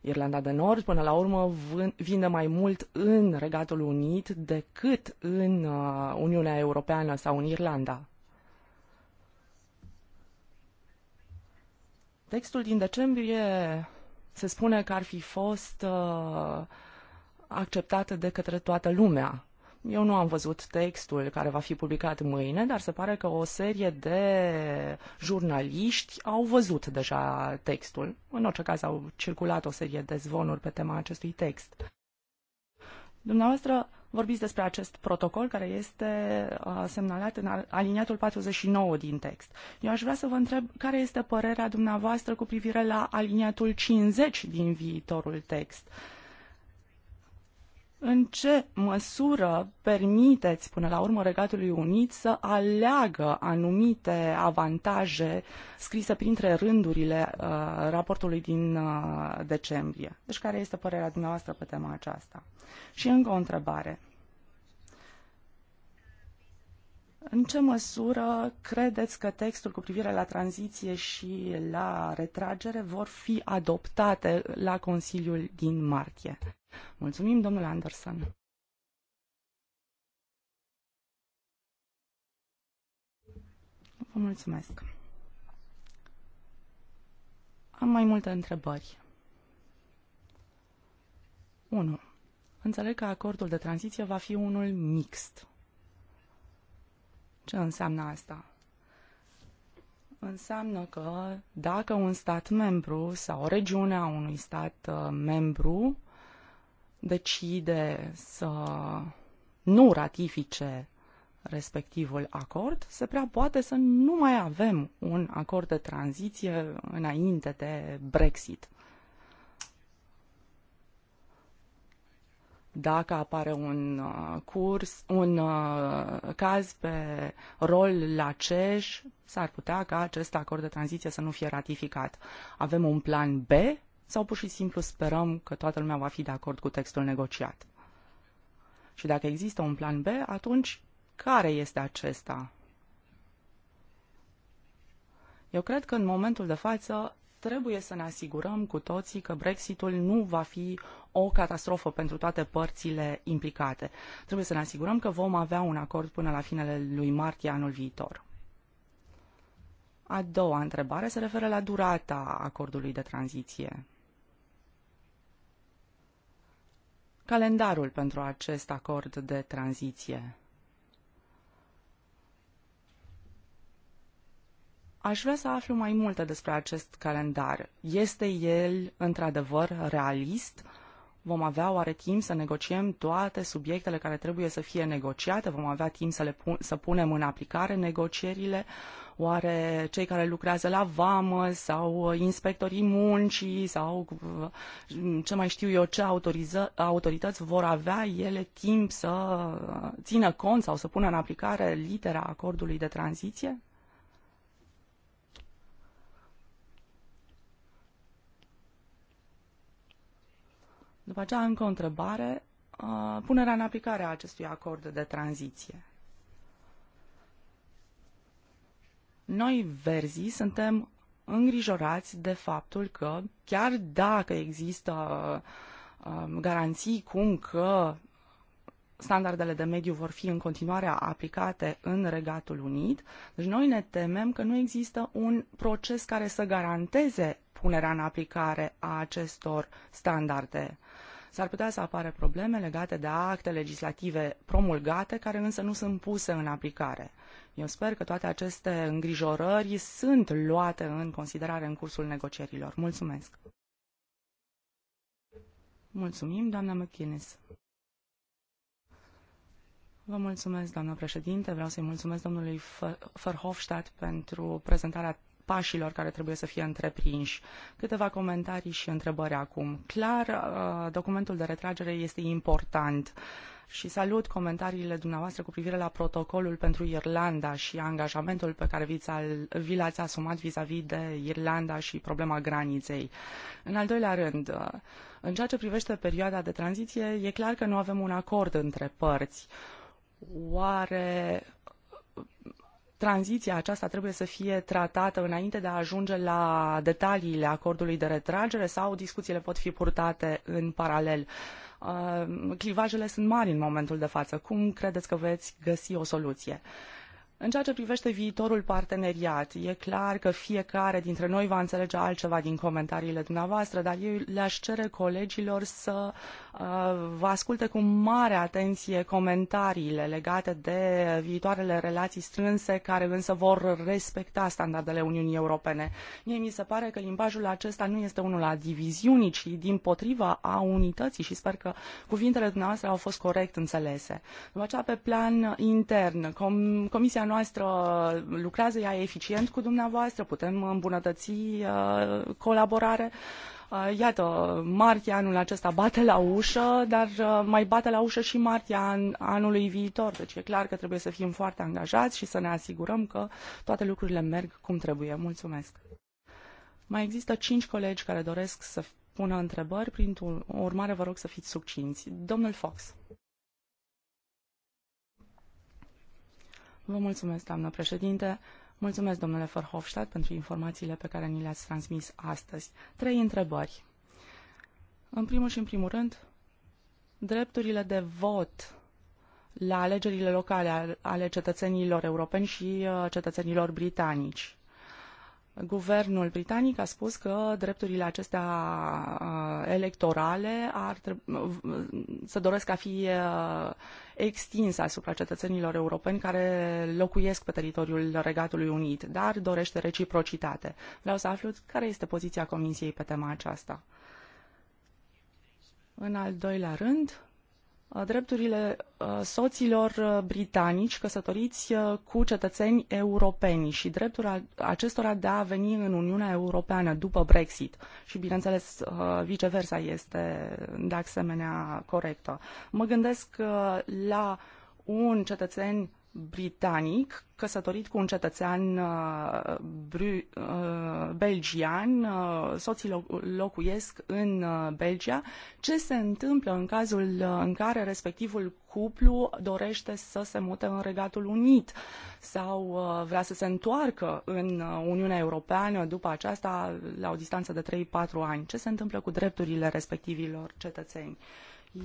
Irlanda de Nord, până la urmă, vinde mai mult în Regatul Unit decât în uh, Uniunea Europeană sau în Irlanda. Textul din decembrie se spune că ar fi fost uh, acceptată de către toată lumea. Eu nu am văzut textul care va fi publicat mâine, dar se pare că o serie de jurnaliști au văzut deja textul. În orice caz au circulat o serie de zvonuri pe tema acestui text. Dumneavoastră vorbiți despre acest protocol care este uh, semnalat în aliniatul 49 din text. Eu aș vrea să vă întreb care este părerea dumneavoastră cu privire la aliniatul 50 din viitorul text. Uh, în ce măsură permiteți până la urmă Regatului Unit să aleagă anumite avantaje scrise printre rândurile uh, raportului din uh, decembrie? Deci care este părerea dumneavoastră pe tema aceasta? Și încă o întrebare. În ce măsură credeți că textul cu privire la tranziție și la retragere vor fi adoptate la Consiliul din martie? Mulțumim, domnul Anderson. Vă mulțumesc. Am mai multe întrebări. 1. Înțeleg că acordul de tranziție va fi unul mixt. Ce înseamnă asta? Înseamnă că dacă un stat membru sau o regiune a unui stat uh, membru decide să nu ratifice respectivul acord, se prea poate să nu mai avem un acord de tranziție înainte de Brexit. Dacă apare un uh, curs, un uh, caz pe rol la CEJ, s-ar putea ca acest acord de tranziție să nu fie ratificat. Avem un plan B sau pur și simplu sperăm că toată lumea va fi de acord cu textul negociat? Și dacă există un plan B, atunci care este acesta? Eu cred că în momentul de față trebuie să ne asigurăm cu toții că Brexitul nu va fi o catastrofă pentru toate părțile implicate. Trebuie să ne asigurăm că vom avea un acord până la finele lui martie anul viitor. A doua întrebare se referă la durata acordului de tranziție. calendarul pentru acest acord de tranziție. Aș vrea să aflu mai multe despre acest calendar. Este el într-adevăr realist? Vom avea oare timp să negociem toate subiectele care trebuie să fie negociate? Vom avea timp să le pun- să punem în aplicare negocierile? Uh, Oare cei care lucrează la vamă sau inspectorii muncii sau ce mai știu eu ce autoriză, autorități vor avea ele timp să țină cont sau să pună în aplicare litera acordului de tranziție? După aceea, încă o întrebare. Uh, punerea în aplicare a acestui acord de tranziție. Noi, verzii, suntem îngrijorați de faptul că, chiar dacă există um, garanții cum că standardele de mediu vor fi în continuare aplicate în Regatul Unit, deci noi ne temem că nu există un proces care să garanteze punerea în aplicare a acestor standarde. S-ar putea să apară probleme legate de acte legislative promulgate care însă nu sunt puse în aplicare. Eu sper că toate aceste îngrijorări sunt luate în considerare în cursul negocierilor. Mulțumesc! Mulțumim, doamna McInnes. Vă mulțumesc, doamna președinte. Vreau să-i mulțumesc domnului Verhofstadt pentru prezentarea pașilor care trebuie să fie întreprinși. Câteva comentarii și întrebări acum. Clar, uh, documentul de retragere este important și salut comentariile dumneavoastră cu privire la protocolul pentru Irlanda și angajamentul pe care vi l-ați asumat vis-a-vis -vis de Irlanda și problema graniței. În al doilea rând, uh, în ceea ce privește perioada de tranziție, e clar că nu avem un acord între părți. Oare tranziția aceasta trebuie să fie tratată înainte de a ajunge la detaliile acordului de retragere sau discuțiile pot fi purtate în paralel? Uh, clivajele sunt mari în momentul de față. Cum credeți că veți găsi o soluție? În ceea ce privește viitorul parteneriat, e clar că fiecare dintre noi va înțelege altceva din comentariile dumneavoastră, dar eu le-aș cere colegilor să uh, Vă ascultă cu mare atenție comentariile legate de viitoarele relații strânse, care însă vor respecta standardele Uniunii Europene. Mie mi se pare că limbajul acesta nu este unul a diviziunii, ci din potriva a unității și sper că cuvintele dumneavoastră au fost corect înțelese. După aceea, pe plan intern, com- comisia noastră lucrează ea eficient cu dumneavoastră, putem îmbunătăți uh, colaborare. Uh, Uh, iată, martie anul acesta bate la ușă, dar uh, mai bate la ușă și martie an, anului viitor. Deci e clar că trebuie să fim foarte angajați și să ne asigurăm că toate lucrurile merg cum trebuie. Mulțumesc! Mai există cinci colegi care doresc să pună întrebări, prin urmare vă rog să fiți succinți. Domnul Fox. Vă mulțumesc, doamnă președinte. Mulțumesc, domnule Verhofstadt, pentru informațiile pe care ni le-ați transmis astăzi. Trei întrebări. În primul și în primul rând, drepturile de vot la alegerile locale ale cetățenilor europeni și uh, cetățenilor britanici. Guvernul britanic a spus că drepturile acestea electorale ar să doresc a fi extinse asupra cetățenilor europeni care locuiesc pe teritoriul Regatului Unit, dar dorește reciprocitate. Vreau să aflu care este poziția Comisiei pe tema aceasta. În al doilea rând, Uh, drepturile uh, soților uh, britanici căsătoriți cu cetățeni europeni și dreptul acestora de a veni în Uniunea Europeană după Brexit. Și, bineînțeles, viceversa este de asemenea corectă. Mă gândesc la un cetățen britanic căsătorit cu un cetățean uh, uh, belgian, uh, soții locuiesc în Belgia. Ce se întâmplă în cazul în care respectivul cuplu dorește să se mute în Regatul Unit sau vrea să se întoarcă în Uniunea Europeană după aceasta la o distanță de 3-4 ani? Ce se întâmplă cu drepturile respectivilor cetățeni?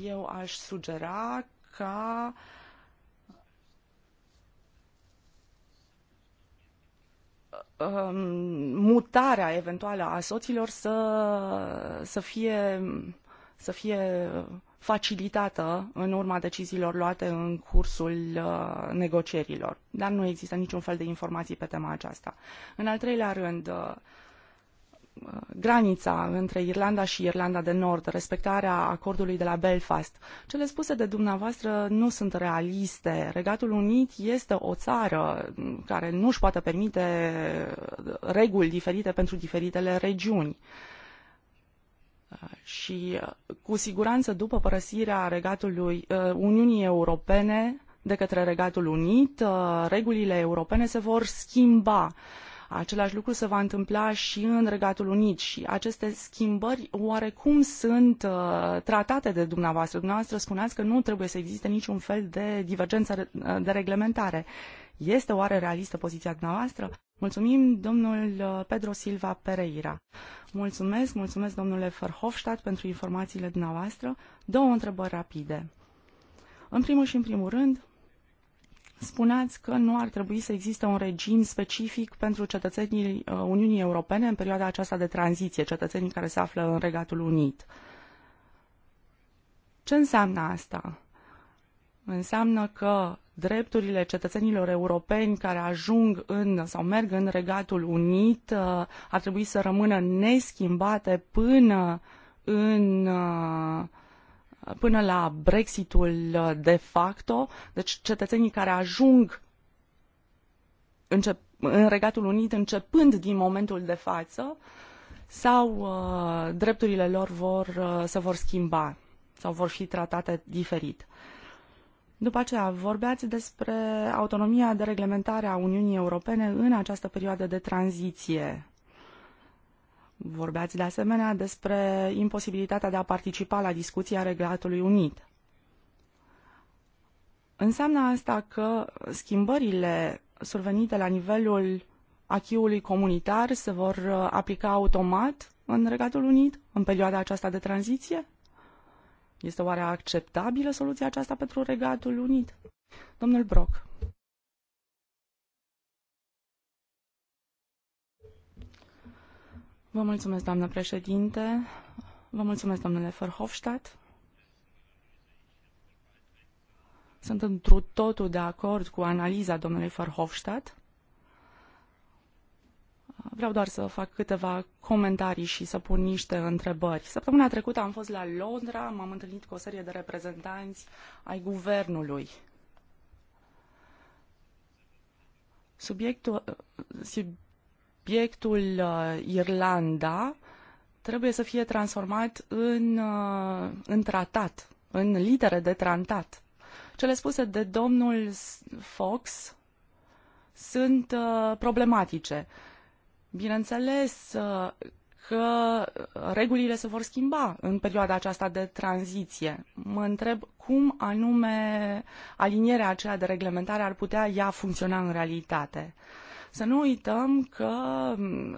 Eu aș sugera ca uh, Um, mutarea eventuală a soților să, să, fie, să fie facilitată în urma deciziilor luate în cursul uh, negocierilor. Dar nu există niciun fel de informații pe tema aceasta. În al treilea rând, uh, granița între Irlanda și Irlanda de Nord, respectarea acordului de la Belfast. Cele spuse de dumneavoastră nu sunt realiste. Regatul Unit este o țară care nu își poate permite reguli diferite pentru diferitele regiuni. Și cu siguranță după părăsirea regatului uh, Uniunii Europene de către Regatul Unit, uh, regulile europene se vor schimba. Același lucru se va întâmpla și în Regatul Unit și aceste schimbări oarecum sunt uh, tratate de dumneavoastră. Dumneavoastră spuneați că nu trebuie să existe niciun fel de divergență uh, de reglementare. Este oare realistă poziția dumneavoastră? Mulțumim, domnul uh, Pedro Silva Pereira. Mulțumesc, mulțumesc, domnule Verhofstadt, pentru informațiile dumneavoastră. Două întrebări rapide. În primul și în primul rând, spuneați că nu ar trebui să existe un regim specific pentru cetățenii uh, Uniunii Europene în perioada aceasta de tranziție, cetățenii care se află în Regatul Unit. Ce înseamnă asta? Înseamnă că drepturile cetățenilor europeni care ajung în sau merg în Regatul Unit uh, ar trebui să rămână neschimbate până în uh, până la Brexitul de facto, deci cetățenii care ajung încep, în Regatul Unit începând din momentul de față, sau uh, drepturile lor vor, uh, se vor schimba sau vor fi tratate diferit. După aceea, vorbeați despre autonomia de reglementare a Uniunii Europene în această perioadă de tranziție. Vorbeați de asemenea despre imposibilitatea de a participa la discuția Regatului Unit. Înseamnă asta că schimbările survenite la nivelul achiului comunitar se vor uh, aplica automat în Regatul Unit în perioada aceasta de tranziție? Este oare acceptabilă soluția aceasta pentru Regatul Unit? Domnul Brock. Vă mulțumesc, doamnă președinte. Vă mulțumesc, domnule Verhofstadt. Sunt întru totul de acord cu analiza domnului Verhofstadt. Vreau doar să fac câteva comentarii și să pun niște întrebări. Săptămâna trecută am fost la Londra, m-am întâlnit cu o serie de reprezentanți ai guvernului. Subiectul, uh, Irlanda trebuie să fie transformat în, uh, în tratat, în litere de tratat. Cele spuse de domnul Fox sunt uh, problematice. Bineînțeles uh, că regulile se vor schimba în perioada aceasta de tranziție. Mă întreb cum anume alinierea aceea de reglementare ar putea ea funcționa în realitate. Uh, să nu uităm că mm,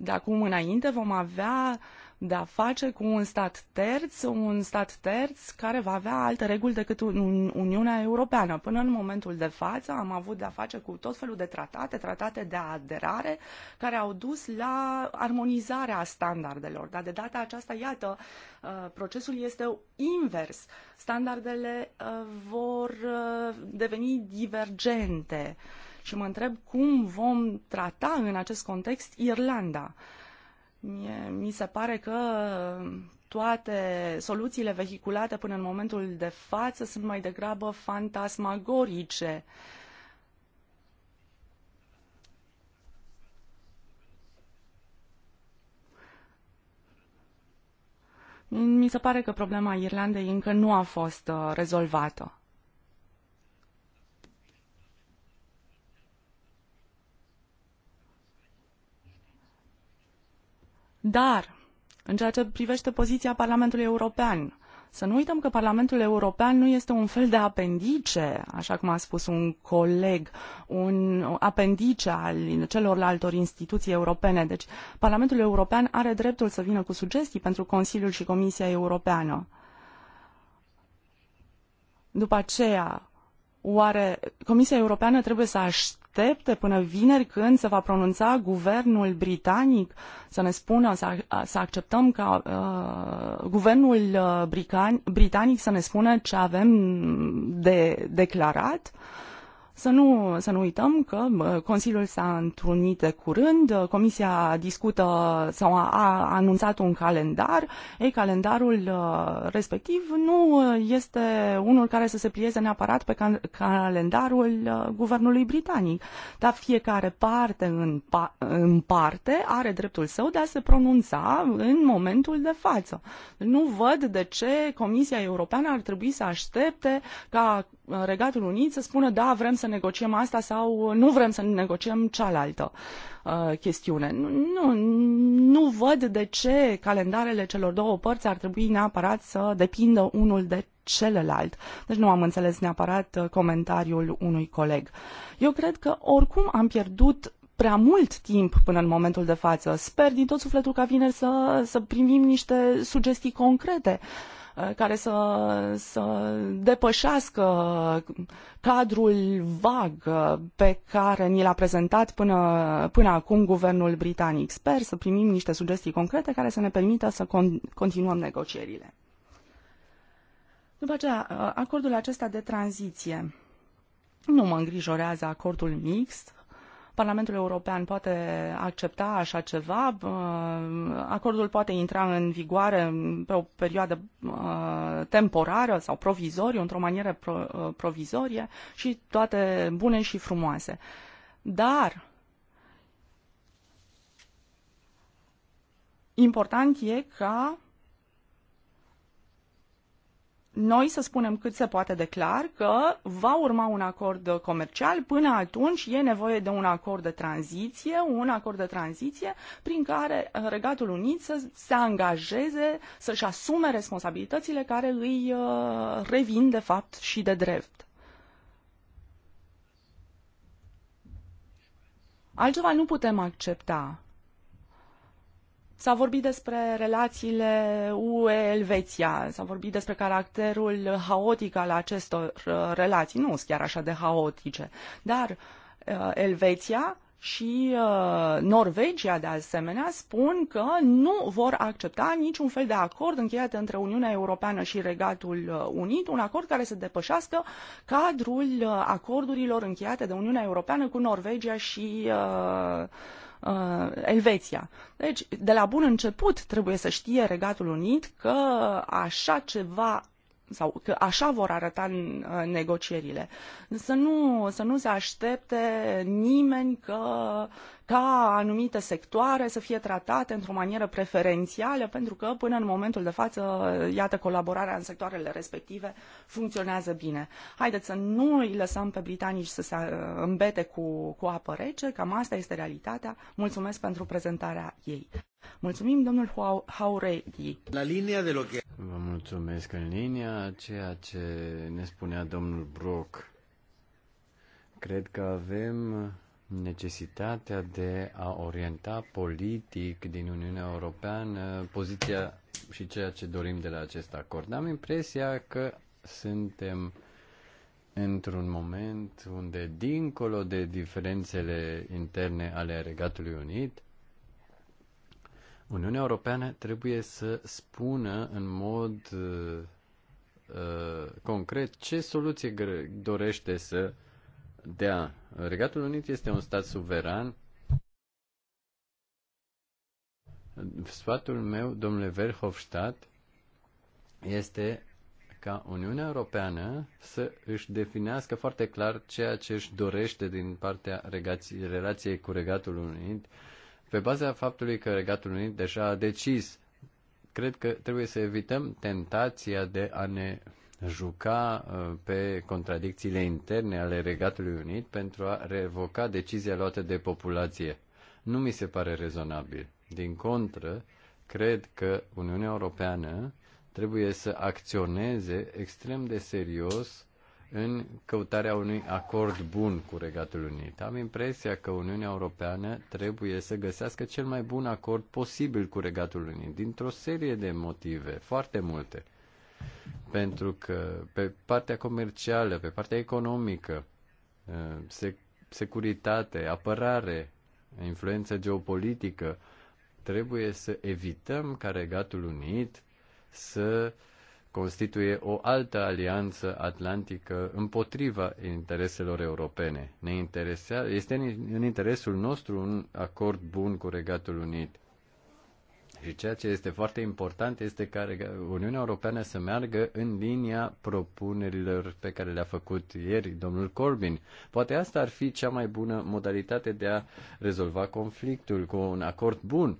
de acum înainte vom avea de-a face cu un stat terț, un stat terț care va avea alte reguli decât Uniunea Europeană. Până în momentul de față am avut de-a face cu tot felul de tratate, tratate de aderare, care au dus la armonizarea standardelor. Dar de data aceasta, iată, uh, procesul este invers. Standardele uh, vor uh, deveni divergente și mă întreb cum vom trata în acest context Irlanda. Mi se pare că toate soluțiile vehiculate până în momentul de față sunt mai degrabă fantasmagorice. Mi se pare că problema Irlandei încă nu a fost uh, rezolvată. Dar, în ceea ce privește poziția Parlamentului European, să nu uităm că Parlamentul European nu este un fel de apendice, așa cum a spus un coleg, un apendice al celorlalte instituții europene. Deci Parlamentul European are dreptul să vină cu sugestii pentru Consiliul și Comisia Europeană. După aceea, oare Comisia Europeană trebuie să aștepte aștepte până vineri când se va pronunța guvernul britanic să ne spună, să, să acceptăm ca uh, guvernul uh, britanic să ne spună ce avem de declarat? Uh, să nu, să nu uităm că Consiliul s-a întrunit de curând, Comisia discută sau a, a anunțat un calendar, ei calendarul uh, respectiv nu uh, este unul care să se plieze neapărat pe calendarul uh, guvernului britanic, dar fiecare parte în, pa, în parte are dreptul său de a se pronunța în momentul de față. Nu văd de ce Comisia Europeană ar trebui să aștepte ca Regatul Unit să spună da, vrem să să negociem asta sau nu vrem să negociem cealaltă uh, chestiune. Nu, nu văd de ce calendarele celor două părți ar trebui neapărat să depindă unul de celălalt. Deci nu am înțeles neapărat uh, comentariul unui coleg. Eu cred că oricum am pierdut prea mult timp până în momentul de față. Sper din tot sufletul ca vineri să, să primim niște sugestii concrete uh, Uh, care să, să depășească cadrul vag uh, pe care ni l-a prezentat până, până acum guvernul britanic. Sper să primim niște sugestii concrete care să ne permită să con- continuăm negocierile. După aceea, uh, acordul acesta de tranziție. Nu mă îngrijorează acordul mixt, Parlamentul European poate accepta așa ceva, acordul poate intra în vigoare pe o perioadă temporară sau provizorie, într-o manieră provizorie și toate bune și frumoase. Dar important e ca noi să spunem cât se poate de clar că va urma un acord comercial, până atunci e nevoie de un acord de tranziție, un acord de tranziție prin care uh, Regatul Unit să se angajeze, să-și asume responsabilitățile care îi uh, revin de fapt și de drept. Altceva nu putem accepta. S-a vorbit despre relațiile UE-Elveția, s-a vorbit despre caracterul haotic al acestor uh, relații, nu sunt chiar așa de haotice, dar uh, Elveția și uh, Norvegia, de asemenea, spun că nu vor accepta niciun fel de acord încheiat între Uniunea Europeană și Regatul uh, Unit, un acord care să depășească cadrul acordurilor încheiate de Uniunea Europeană cu Norvegia și uh, uh, Elveția. Deci, de la bun început trebuie să știe Regatul Unit că așa ceva sau că așa vor arăta uh, negocierile. Să nu, să nu se aștepte nimeni că ca anumite sectoare să fie tratate într-o manieră preferențială, pentru că până în momentul de față, iată, colaborarea în sectoarele respective funcționează bine. Haideți să nu îi lăsăm pe britanici să se uh, îmbete cu, cu apă rece, cam asta este realitatea. Mulțumesc pentru prezentarea ei. Mulțumim, domnul Haureghi. La linia de loc. Vă mulțumesc în linia ceea ce ne spunea domnul Brock. Cred că avem necesitatea de a orienta politic din Uniunea Europeană poziția și ceea ce dorim de la acest acord. Am impresia că suntem într-un moment unde, dincolo de diferențele interne ale Regatului Unit, Uniunea Europeană trebuie să spună în mod uh, concret ce soluție dorește să uh, a. Da, Regatul Unit este un stat suveran. Sfatul meu, domnule Verhofstadt, este ca Uniunea Europeană să își definească foarte clar ceea ce își dorește din partea relației cu Regatul Unit, pe baza faptului că Regatul Unit deja a decis. Cred că trebuie să evităm tentația de a ne juca uh, pe contradicțiile interne ale Regatului Unit pentru a revoca decizia luată de populație. Nu mi se pare rezonabil. Din contră, cred că Uniunea Europeană trebuie să acționeze extrem de serios în căutarea unui acord bun cu Regatul Unit. Am impresia că Uniunea Europeană trebuie să găsească cel mai bun acord posibil cu Regatul Unit, dintr-o serie de motive, foarte multe pentru că pe partea comercială, pe partea economică, uh, securitate, apărare, influență geopolitică, trebuie să evităm ca Regatul Unit să constituie o altă alianță atlantică împotriva intereselor europene. Ne interesează, este în interesul nostru un acord bun cu Regatul Unit și ceea ce este foarte important este ca Uniunea Europeană să meargă în linia propunerilor pe care le-a făcut ieri domnul Corbyn. Poate asta ar fi cea mai bună modalitate de a rezolva conflictul cu un acord bun.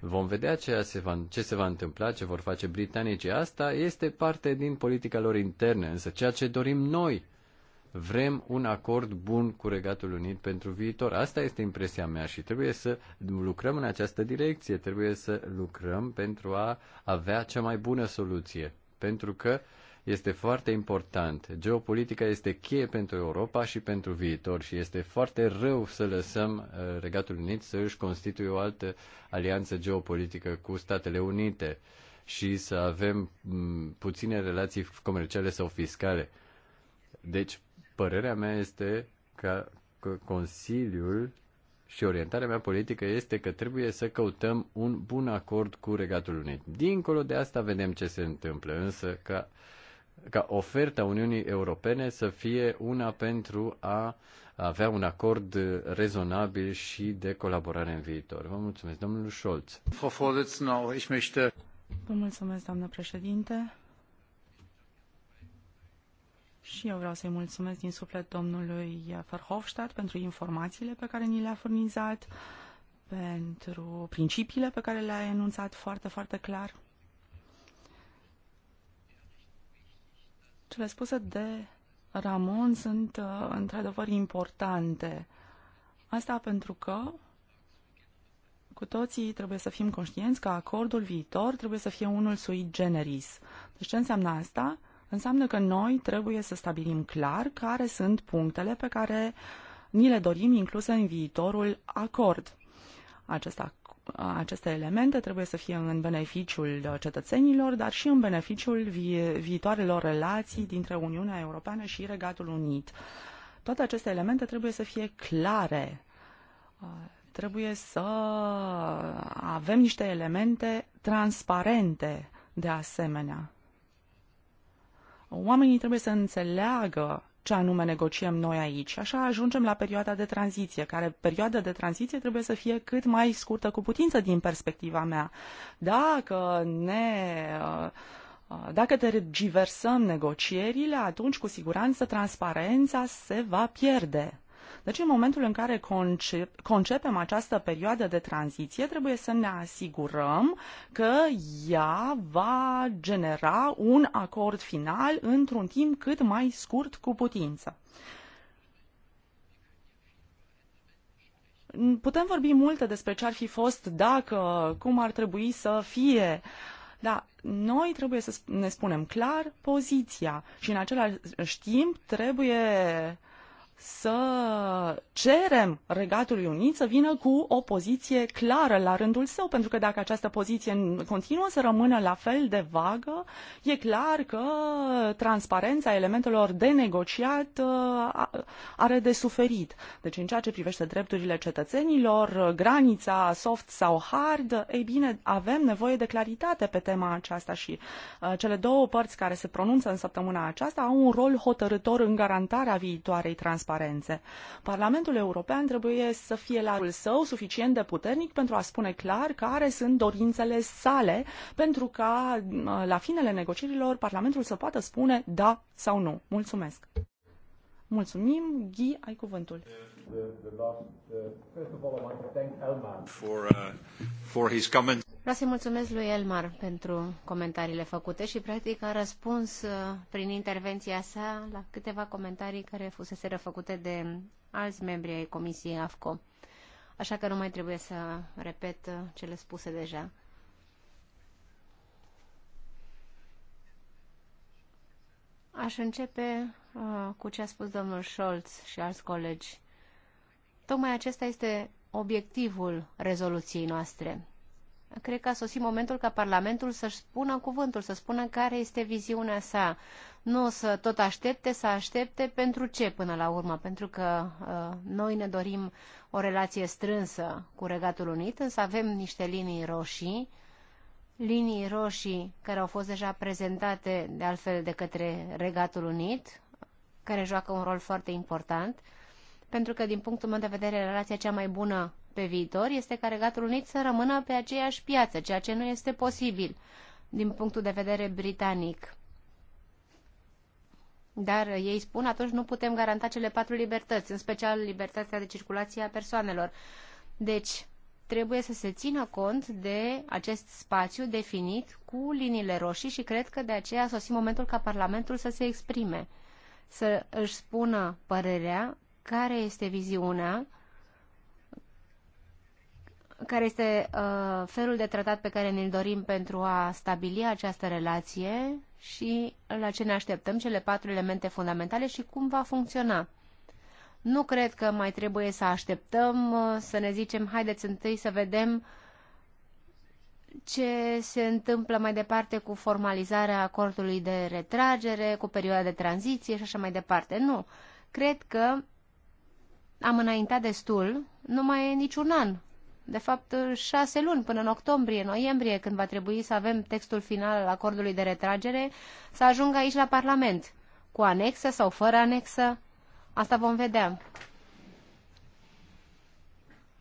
Vom vedea ce se, va, ce se va întâmpla, ce vor face britanicii. Asta este parte din politica lor internă, însă ceea ce dorim noi vrem un acord bun cu Regatul Unit pentru viitor. Asta este impresia mea și trebuie să lucrăm în această direcție, trebuie să lucrăm pentru a avea cea mai bună soluție, pentru că este foarte important. Geopolitica este cheie pentru Europa și pentru viitor și este foarte rău să lăsăm uh, Regatul Unit să își constituie o altă alianță geopolitică cu Statele Unite și să avem mm, puține relații comerciale sau fiscale. Deci, Părerea mea este că Consiliul și orientarea mea politică este că trebuie să căutăm un bun acord cu Regatul Unit. Dincolo de asta vedem ce se întâmplă, însă ca, ca oferta Uniunii Europene să fie una pentru a avea un acord rezonabil și de colaborare în viitor. Vă mulțumesc, domnul Scholz. Vă mulțumesc, doamnă președinte. Și eu vreau să-i mulțumesc din suflet domnului Verhofstadt pentru informațiile pe care ni le-a furnizat, pentru principiile pe care le-a enunțat foarte, foarte clar. Cele spuse de Ramon sunt uh, într-adevăr importante. Asta pentru că cu toții trebuie să fim conștienți că acordul viitor trebuie să fie unul sui generis. Deci ce înseamnă asta? înseamnă că noi trebuie să stabilim clar care sunt punctele pe care ni le dorim incluse în viitorul acord. Acest aceste elemente trebuie să fie în beneficiul cetățenilor, dar și în beneficiul vi- viitoarelor relații dintre Uniunea Europeană și Regatul Unit. Toate aceste elemente trebuie să fie clare. Trebuie să avem niște elemente transparente de asemenea. Oamenii trebuie să înțeleagă ce anume negociem noi aici. așa ajungem la perioada de tranziție, care perioada de tranziție trebuie să fie cât mai scurtă cu putință din perspectiva mea. Dacă ne uh, dacă tergiversăm negocierile, atunci cu siguranță transparența se va pierde. Deci, în momentul în care concep, concepem această perioadă de tranziție, trebuie să ne asigurăm că ea va genera un acord final într-un timp cât mai scurt cu putință. Putem vorbi multe despre ce ar fi fost dacă, cum ar trebui să fie dar da, noi trebuie să ne spunem clar poziția și în același timp trebuie să cerem Regatului Unit să vină cu o poziție clară la rândul său, pentru că dacă această poziție continuă să rămână la fel de vagă, e clar că transparența elementelor de negociat uh, are de suferit. Deci în ceea ce privește drepturile cetățenilor, granița soft sau hard, ei bine, avem nevoie de claritate pe tema aceasta și uh, cele două părți care se pronunță în săptămâna aceasta au un rol hotărător în garantarea viitoarei transparențe transparențe. Parlamentul European trebuie să fie la rândul său suficient de puternic pentru a spune clar care sunt dorințele sale pentru ca la finele negocierilor Parlamentul să poată spune da sau nu. Mulțumesc! Mulțumim, Ghi, ai cuvântul. Uh, Vreau să-i mulțumesc lui Elmar pentru comentariile făcute și practic a răspuns uh, prin intervenția sa la câteva comentarii care fusese făcute de alți membri ai Comisiei AFCO. Așa că nu mai trebuie să repet uh, cele spuse deja. Aș începe uh, cu ce a spus domnul Scholz și alți colegi. Tocmai acesta este obiectivul rezoluției noastre. Cred că a sosit momentul ca Parlamentul să-și spună cuvântul, să spună care este viziunea sa. Nu să tot aștepte, să aștepte pentru ce până la urmă, pentru că uh, noi ne dorim o relație strânsă cu Regatul Unit, însă avem niște linii roșii, linii roșii care au fost deja prezentate de altfel de către Regatul Unit, care joacă un rol foarte important, uh, pentru că, din punctul meu de vedere, relația cea mai bună pe viitor este ca Regatul Unit să rămână pe aceeași piață, ceea ce nu este posibil din punctul de vedere britanic. Dar ei spun, atunci nu putem garanta cele patru libertăți, în special libertatea de circulație a persoanelor. Deci, trebuie să se țină cont de acest spațiu definit cu liniile roșii și cred că de aceea a sosit momentul ca Parlamentul să se exprime, să își spună părerea care este viziunea, care este uh, felul de tratat pe care ne-l dorim pentru a stabili această relație și la ce ne așteptăm, cele patru elemente fundamentale și cum va funcționa. Nu cred că mai trebuie să așteptăm, uh, să ne zicem, haideți întâi să vedem ce se întâmplă mai departe cu formalizarea acordului de retragere, cu perioada de tranziție și așa mai departe. Nu. Cred că am înaintat destul, nu mai e niciun an. De fapt, șase luni până în octombrie, noiembrie, când va trebui să avem textul final al acordului de retragere, să ajung aici la Parlament. Cu anexă sau fără anexă, asta vom vedea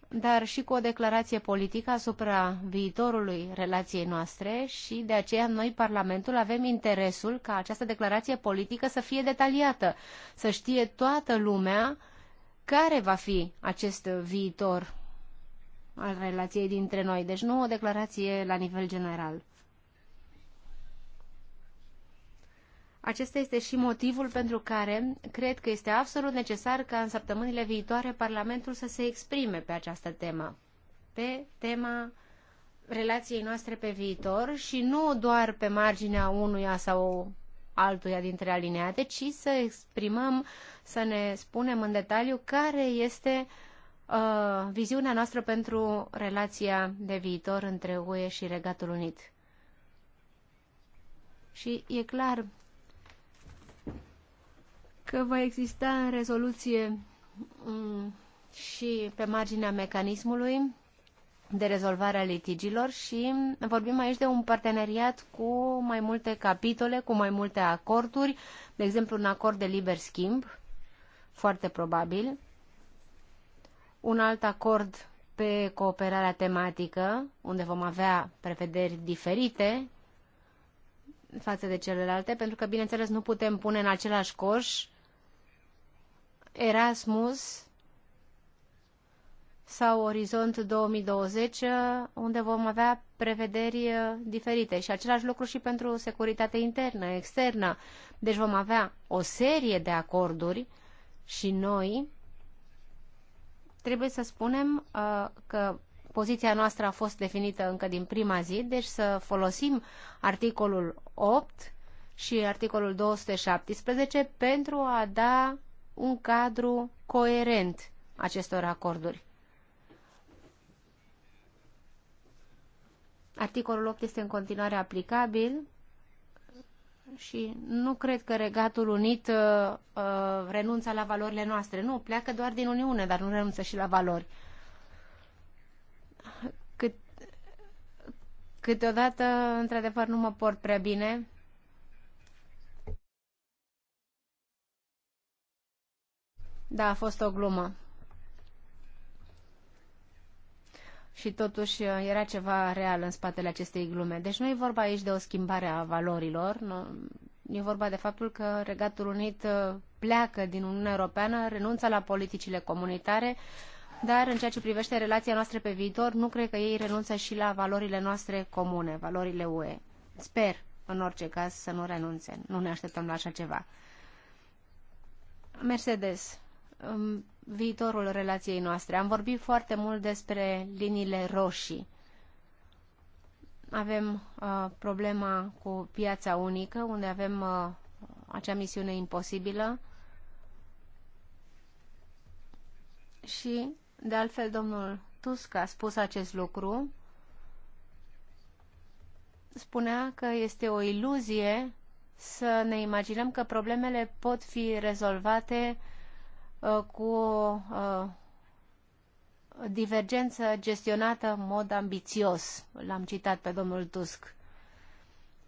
dar și cu o declarație politică asupra viitorului relației noastre și de aceea noi, Parlamentul, avem interesul ca această declarație politică să fie detaliată, să știe toată lumea care va fi acest viitor al relației dintre noi. Deci nu o declarație la nivel general. Acesta este și motivul pentru care cred că este absolut necesar ca în săptămânile viitoare Parlamentul să se exprime pe această temă, pe tema relației noastre pe viitor și nu doar pe marginea unuia sau altuia dintre alineate, ci să exprimăm, să ne spunem în detaliu care este uh, viziunea noastră pentru relația de viitor între UE și Regatul Unit. Și e clar că va exista rezoluție um, și pe marginea mecanismului de rezolvare a litigilor și vorbim aici de un parteneriat cu mai multe capitole, cu mai multe acorduri, de exemplu un acord de liber schimb, foarte probabil, un alt acord pe cooperarea tematică, unde vom avea prevederi diferite față de celelalte, pentru că, bineînțeles, nu putem pune în același coș Erasmus sau Orizont 2020, unde vom avea prevederi uh, diferite. Și același lucru și pentru securitate internă, externă. Deci vom avea o serie de acorduri și noi trebuie să spunem uh, că poziția noastră a fost definită încă din prima zi, deci să folosim articolul 8 și articolul 217 pentru a da un cadru coerent acestor acorduri. Articolul 8 este în continuare aplicabil și nu cred că Regatul Unit uh, uh, renunță la valorile noastre. Nu, pleacă doar din Uniune, dar nu renunță și la valori. Cât, câteodată, într-adevăr, nu mă port prea bine. Da, a fost o glumă. și totuși uh, era ceva real în spatele acestei glume. Deci nu e vorba aici de o schimbare a valorilor, nu, e vorba de faptul că Regatul Unit uh, pleacă din Uniunea Europeană, renunță la politicile comunitare, dar în ceea ce privește relația noastră pe viitor, nu cred că ei renunță și la valorile noastre comune, valorile UE. Sper, în orice caz, să nu renunțe. Nu ne așteptăm la așa ceva. Mercedes, viitorul relației noastre. Am vorbit foarte mult despre liniile roșii. Avem uh, problema cu piața unică, unde avem uh, acea misiune imposibilă. Și, de altfel, domnul Tusk a spus acest lucru. Spunea că este o iluzie să ne imaginăm că problemele pot fi rezolvate uh, Uh, cu o uh, divergență gestionată în mod ambițios. L-am citat pe domnul Tusk.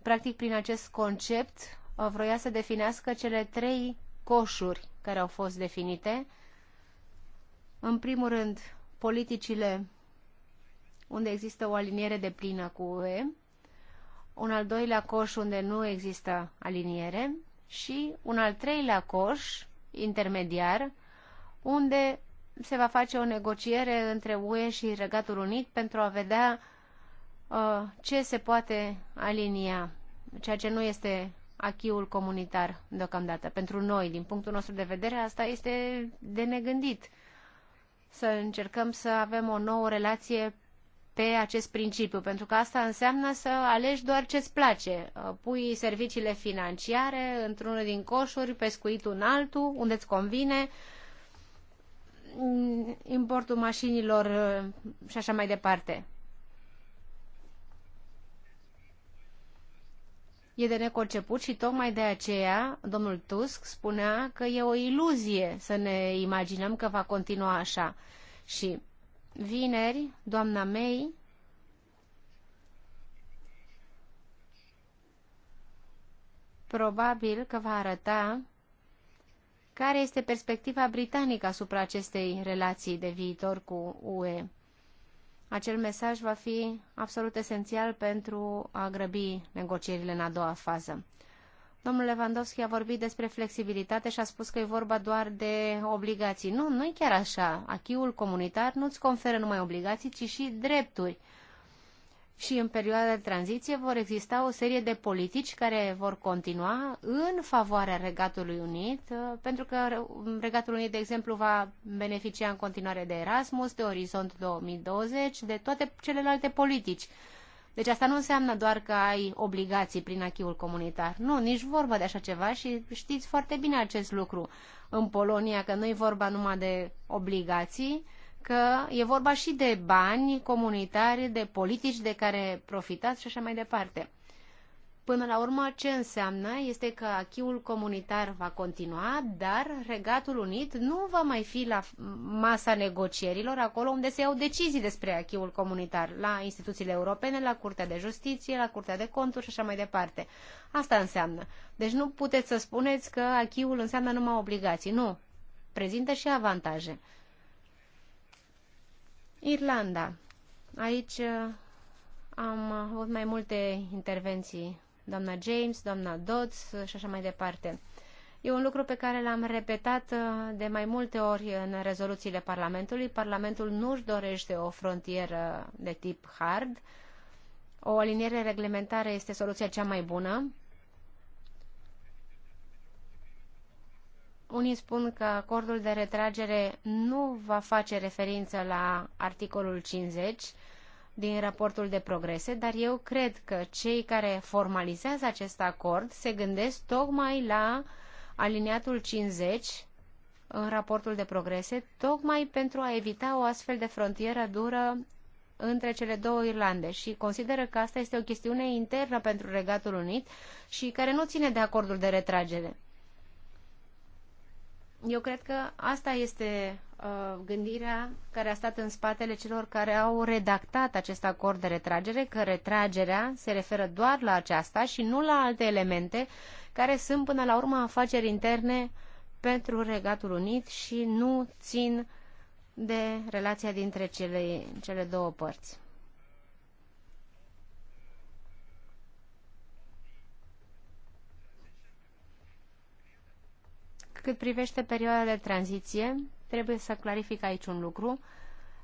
Practic, prin acest concept, uh, vroia să definească cele trei coșuri care au fost definite. În primul rând, politicile unde există o aliniere de plină cu UE, un al doilea coș unde nu există aliniere și un al treilea coș intermediar unde se va face o negociere între UE și Regatul Unit pentru a vedea uh, ce se poate alinia, ceea ce nu este achiul comunitar deocamdată. Pentru noi, din punctul nostru de vedere, asta este de negândit. Să încercăm să avem o nouă relație pe acest principiu, pentru că asta înseamnă să alegi doar ce-ți place. Uh, pui serviciile financiare într-unul din coșuri, pescuit un altul, unde îți convine, mm, importul mașinilor uh, și așa mai departe. E de neconceput și tocmai de aceea domnul Tusk spunea că e o iluzie să ne imaginăm că va continua așa. Și vineri, doamna May probabil că va arăta care este perspectiva britanică asupra acestei relații de viitor cu UE. Acel mesaj va fi absolut esențial pentru a grăbi negocierile în a doua fază. Domnul Lewandowski a vorbit despre flexibilitate și a spus că e vorba doar de obligații. Nu, nu e chiar așa. Achiul comunitar nu îți conferă numai obligații, ci și drepturi. Și în perioada de tranziție vor exista o serie de politici care vor continua în favoarea Regatului Unit, uh, pentru că Regatul Unit, de exemplu, va beneficia în continuare de Erasmus, de Orizont 2020, de toate celelalte politici deci asta nu înseamnă doar că ai obligații prin achiul comunitar. Nu, nici vorba de așa ceva și știți foarte bine acest lucru în Polonia, că nu e vorba numai de obligații, că e vorba și de bani comunitari, de politici de care profitați și așa mai departe. Până la urmă, ce înseamnă este că achiul comunitar va continua, dar Regatul Unit nu va mai fi la masa negocierilor, acolo unde se iau decizii despre achiul comunitar, la instituțiile europene, la Curtea de Justiție, la Curtea de Conturi și așa mai departe. Asta înseamnă. Deci nu puteți să spuneți că achiul înseamnă numai obligații. Nu. Prezintă și avantaje. Irlanda. Aici uh, am avut mai multe intervenții doamna James, doamna Dodds și așa mai departe. E un lucru pe care l-am repetat uh, de mai multe ori în rezoluțiile Parlamentului. Parlamentul nu își dorește o frontieră de tip hard. O aliniere reglementară este soluția cea mai bună. Unii spun că acordul de retragere nu va face referință la articolul 50, din raportul de progrese, dar eu cred că cei care formalizează acest acord se gândesc tocmai la aliniatul 50 în raportul de progrese, tocmai pentru a evita o astfel de frontieră dură între cele două Irlande și consideră că asta este o chestiune internă pentru Regatul Unit și care nu ține de acordul de retragere. Eu cred că asta este Uh, gândirea care a stat în spatele celor care au redactat acest acord de retragere, că retragerea se referă doar la aceasta și nu la alte elemente care sunt până la urmă afaceri interne pentru Regatul Unit și nu țin de relația dintre cele, cele două părți. Cât privește perioada de tranziție, trebuie să clarific aici un lucru.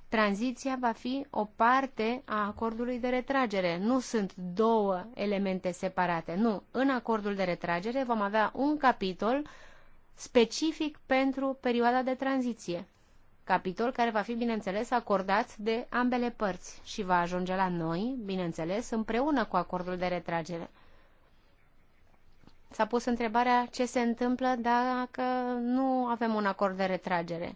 Tranziția va fi o parte a acordului de retragere. Nu sunt două elemente separate. Nu. În acordul de retragere vom avea un capitol specific pentru perioada de tranziție. Capitol care va fi, bineînțeles, acordat de ambele părți și va ajunge la noi, bineînțeles, împreună cu acordul de retragere. S-a pus întrebarea ce se întâmplă dacă nu avem un acord de retragere.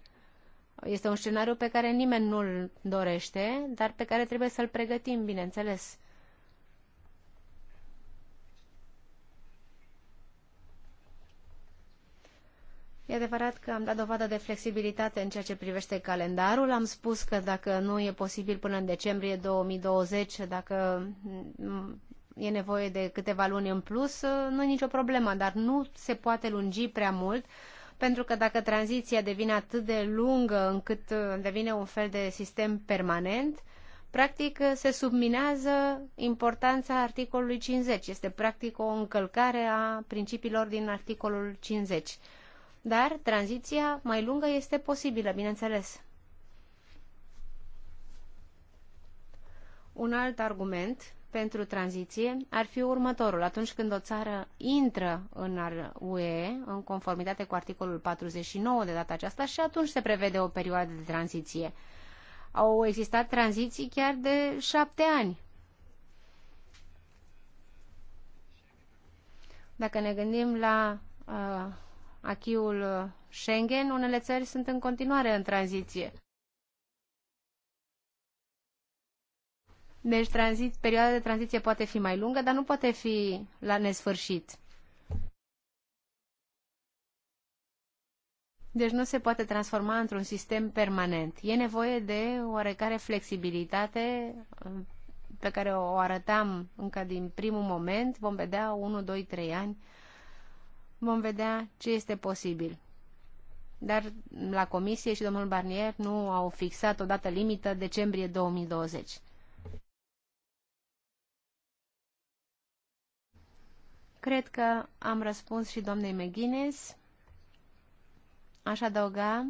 Este un scenariu pe care nimeni nu-l dorește, dar pe care trebuie să-l pregătim, bineînțeles. E adevărat că am dat dovadă de flexibilitate în ceea ce privește calendarul. Am spus că dacă nu e posibil până în decembrie 2020, dacă e nevoie de câteva luni în plus, ă, nu e nicio problemă, dar nu se poate lungi prea mult, pentru că dacă tranziția devine atât de lungă încât ă, devine un fel de sistem permanent, practic ă, se subminează importanța articolului 50. Este practic o încălcare a principiilor din articolul 50. Dar tranziția mai lungă este posibilă, bineînțeles. Un alt argument pentru tranziție ar fi următorul. Atunci când o țară intră în UE, în conformitate cu articolul 49 de data aceasta, și atunci se prevede o perioadă de tranziție. Au existat tranziții chiar de șapte ani. Dacă ne gândim la uh, achiul uh, Schengen, unele țări sunt în continuare în tranziție. Deci tranzit, perioada de tranziție poate fi mai lungă, dar nu poate fi la nesfârșit. Deci nu se poate transforma într-un sistem permanent. E nevoie de oarecare flexibilitate uh, pe care o arătam încă din primul moment. Vom vedea 1, 2, 3 ani. Vom vedea ce este posibil. Dar la comisie și domnul Barnier nu au fixat o dată limită decembrie 2020. Cred că am răspuns și doamnei McGuinness. Aș adăuga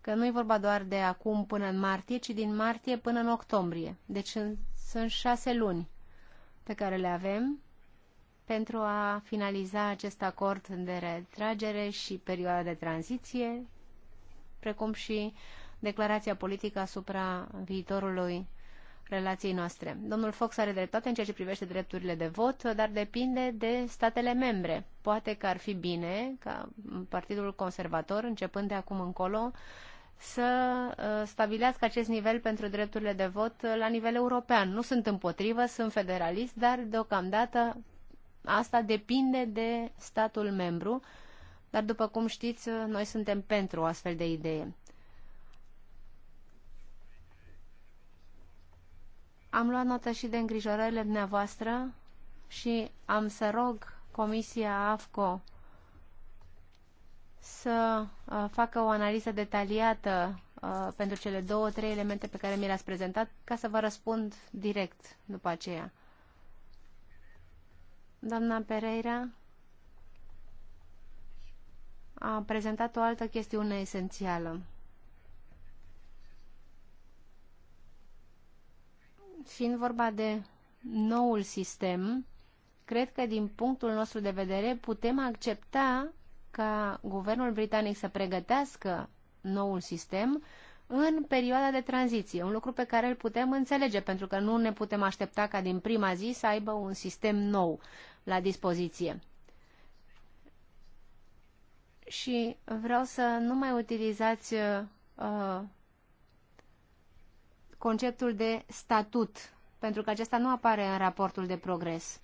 că nu e vorba doar de acum până în martie, ci din martie până în octombrie. Deci în, sunt șase luni pe care le avem pentru a finaliza acest acord de retragere și perioada de tranziție, precum și declarația politică asupra viitorului relației noastre. Domnul Fox are dreptate în ceea ce privește drepturile de vot, dar depinde de statele membre. Poate că ar fi bine ca Partidul Conservator, începând de acum încolo, să uh, stabilească acest nivel pentru drepturile de vot uh, la nivel european. Nu sunt împotrivă, sunt federalist, dar deocamdată asta depinde de statul membru. Dar după cum știți, uh, noi suntem pentru o astfel de idee. Am luat notă și de îngrijorările dumneavoastră și am să rog Comisia AFCO să uh, facă o analiză detaliată uh, pentru cele două, trei elemente pe care mi le-ați prezentat, ca să vă răspund direct după aceea. Doamna Pereira a prezentat o altă chestiune esențială. fiind vorba de noul sistem, cred că din punctul nostru de vedere putem accepta ca guvernul britanic să pregătească noul sistem în perioada de tranziție, un lucru pe care îl putem înțelege, pentru că nu ne putem aștepta ca din prima zi să aibă un sistem nou la dispoziție. Și vreau să nu mai utilizați uh, conceptul de statut, pentru că acesta nu apare în raportul de progres.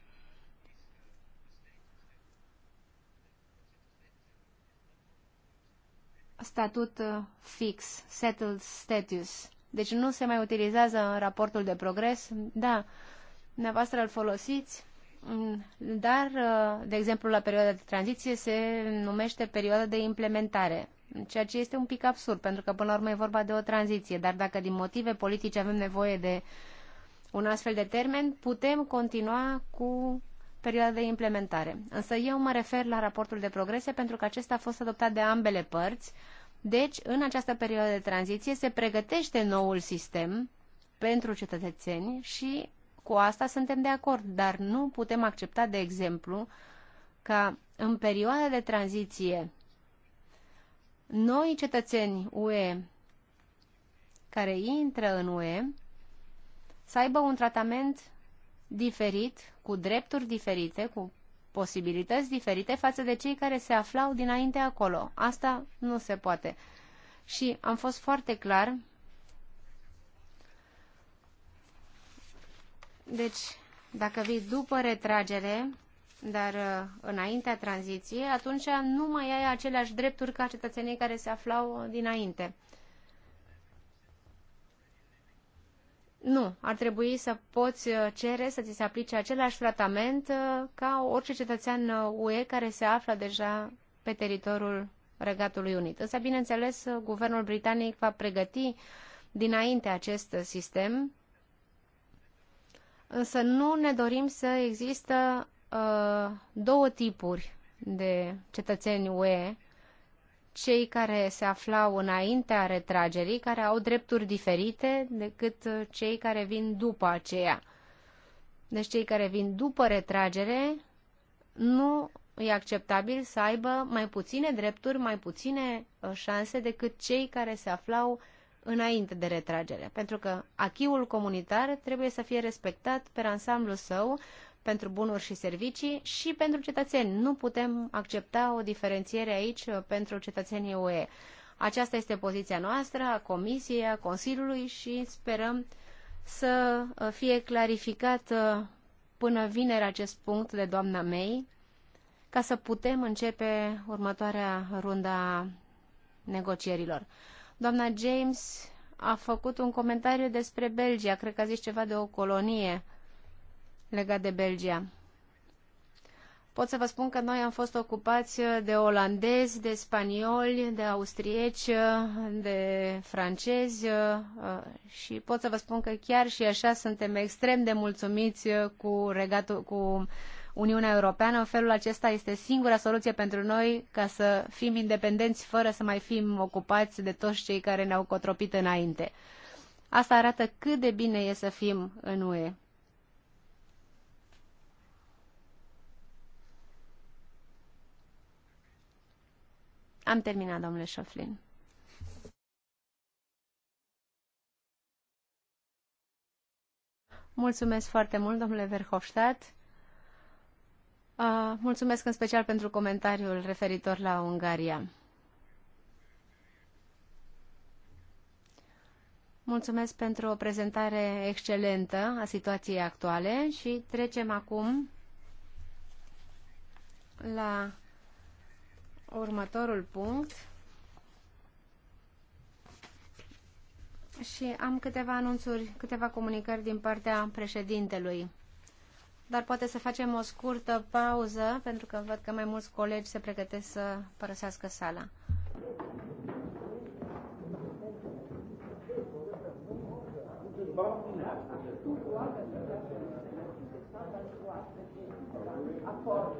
Statut uh, fix, settled status. Deci nu se mai utilizează în raportul de progres. Da, dumneavoastră îl folosiți, mm, dar, uh, de exemplu, la perioada de tranziție se numește perioada de implementare ceea ce este un pic absurd, pentru că până la urmă e vorba de o tranziție, dar dacă din motive politice avem nevoie de un astfel de termen, putem continua cu perioada de implementare. Însă eu mă refer la raportul de progrese pentru că acesta a fost adoptat de ambele părți, deci în această perioadă de tranziție se pregătește noul sistem pentru cetățeni și cu asta suntem de acord, dar nu putem accepta, de exemplu, ca în perioada de tranziție noi cetățeni UE care intră în UE să aibă un tratament diferit, cu drepturi diferite, cu posibilități diferite față de cei care se aflau dinainte acolo. Asta nu se poate. Și am fost foarte clar. Deci, dacă vii după retragere, dar uh, înaintea tranziției, atunci nu mai ai aceleași drepturi ca cetățenii care se aflau dinainte. Nu, ar trebui să poți uh, cere să ți se aplice același tratament uh, ca orice cetățean UE care se află deja pe teritoriul Regatului Unit. Însă, bineînțeles, guvernul britanic va pregăti dinainte acest sistem, însă nu ne dorim să există uh, două tipuri de cetățeni UE, cei care se aflau înaintea retragerii, care au drepturi diferite decât cei care vin după aceea. Deci cei care vin după retragere nu e acceptabil să aibă mai puține drepturi, mai puține uh, șanse decât cei care se aflau înainte de retragere, pentru că achiul comunitar trebuie să fie respectat pe ansamblul său, pentru bunuri și servicii și pentru cetățeni. Nu putem accepta o diferențiere aici uh, pentru cetățenii UE. Aceasta este poziția noastră, a Comisiei, a Consiliului și sperăm să uh, fie clarificat uh, până vineri acest punct de doamna May, ca să putem începe următoarea runda negocierilor. Doamna James a făcut un comentariu despre Belgia, cred că a zis ceva de o colonie legat de Belgia. Pot să vă spun că noi am fost ocupați uh, de olandezi, de spanioli, de austrieci, uh, de francezi uh, și pot să vă spun că chiar și așa suntem extrem de mulțumiți cu, regatul, cu Uniunea Europeană. În felul acesta este singura soluție pentru noi ca să fim independenți fără să mai fim ocupați de toți cei care ne-au cotropit înainte. Asta arată cât de bine e să fim în UE. Am terminat, domnule Șoflin. Mulțumesc foarte mult, domnule Verhofstadt. Uh, mulțumesc în special pentru comentariul referitor la Ungaria. Mulțumesc pentru o prezentare excelentă a situației actuale și trecem acum la următorul punct și am câteva anunțuri, câteva comunicări din partea președintelui. Dar poate să facem o scurtă pauză, pentru că văd că mai mulți colegi se pregătesc să părăsească sala. Acolo.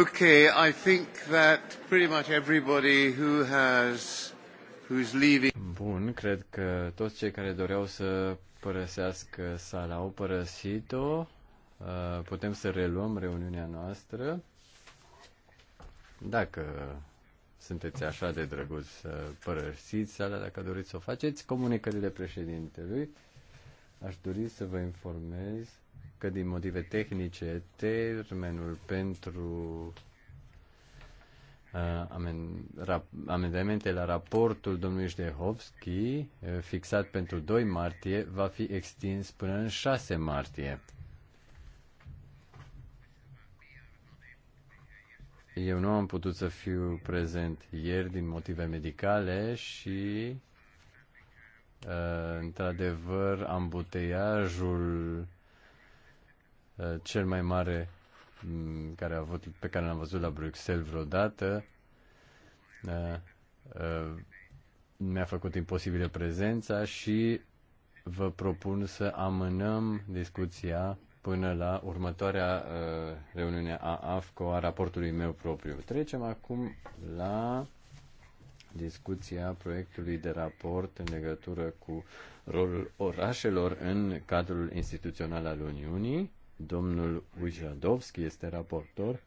Okay, I think that pretty much everybody who has who's leaving. Bun, cred că toți cei care doreau să părăsească sala au părăsit-o. Uh, putem să reluăm reuniunea noastră. Dacă sunteți așa de drăguți să părăsiți sala, dacă doriți să o faceți, comunicările președintelui. Aș dori să vă informez că din motive tehnice termenul pentru uh, amendamente la raportul domnului Ștehovski, uh, fixat pentru 2 martie, va fi extins până în 6 martie. Eu nu am putut să fiu prezent ieri din motive medicale și, uh, într-adevăr, ambuteiajul Uh, cel mai mare mm, care a avut, pe care l-am văzut la Bruxelles vreodată. Uh, uh, mi-a făcut imposibilă prezența și vă propun să amânăm discuția până la următoarea reuniune a AFCO a raportului meu propriu. Trecem acum la discuția proiectului de raport în legătură cu rolul orașelor în cadrul instituțional al Uniunii. Domnul Ujadovski este raportor.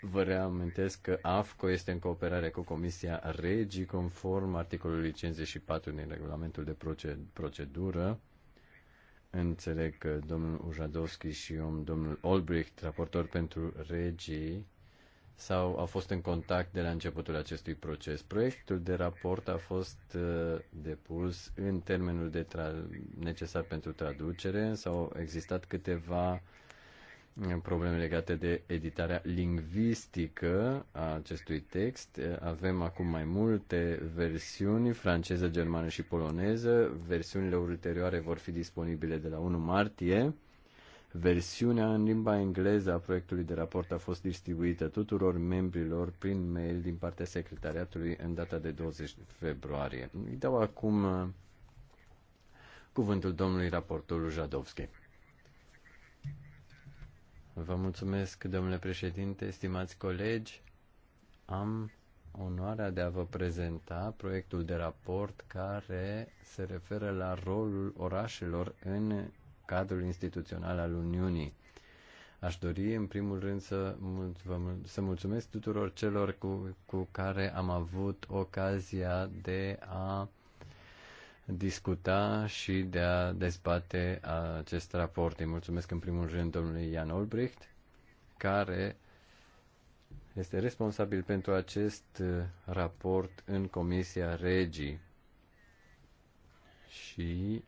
Vă reamintesc că AFCO este în cooperare cu Comisia Regii conform articolului 54 din regulamentul de procedură. Înțeleg că domnul Ujadovski și eu, domnul Olbricht, raportor pentru Regii, sau au fost în contact de la începutul acestui proces. Proiectul de raport a fost uh, depus în termenul de tra- necesar pentru traducere, Sau au existat câteva uh, probleme legate de editarea lingvistică a acestui text. Uh, avem acum mai multe versiuni, franceză, germană și poloneză. Versiunile ulterioare vor fi disponibile de la 1 martie Versiunea în limba engleză a proiectului de raport a fost distribuită tuturor membrilor prin mail din partea secretariatului în data de 20 februarie. Îi dau acum uh, cuvântul domnului raportor Jadovski. Vă mulțumesc, domnule președinte, stimați colegi. Am onoarea de a vă prezenta proiectul de raport care se referă la rolul orașelor în cadrul instituțional al Uniunii. Aș dori, în primul rând, să, mult, vă, să mulțumesc tuturor celor cu, cu care am avut ocazia de a discuta și de a dezbate acest raport. Îi mulțumesc, în primul rând, domnului Ian Olbricht, care este responsabil pentru acest uh, raport în Comisia Regii. Și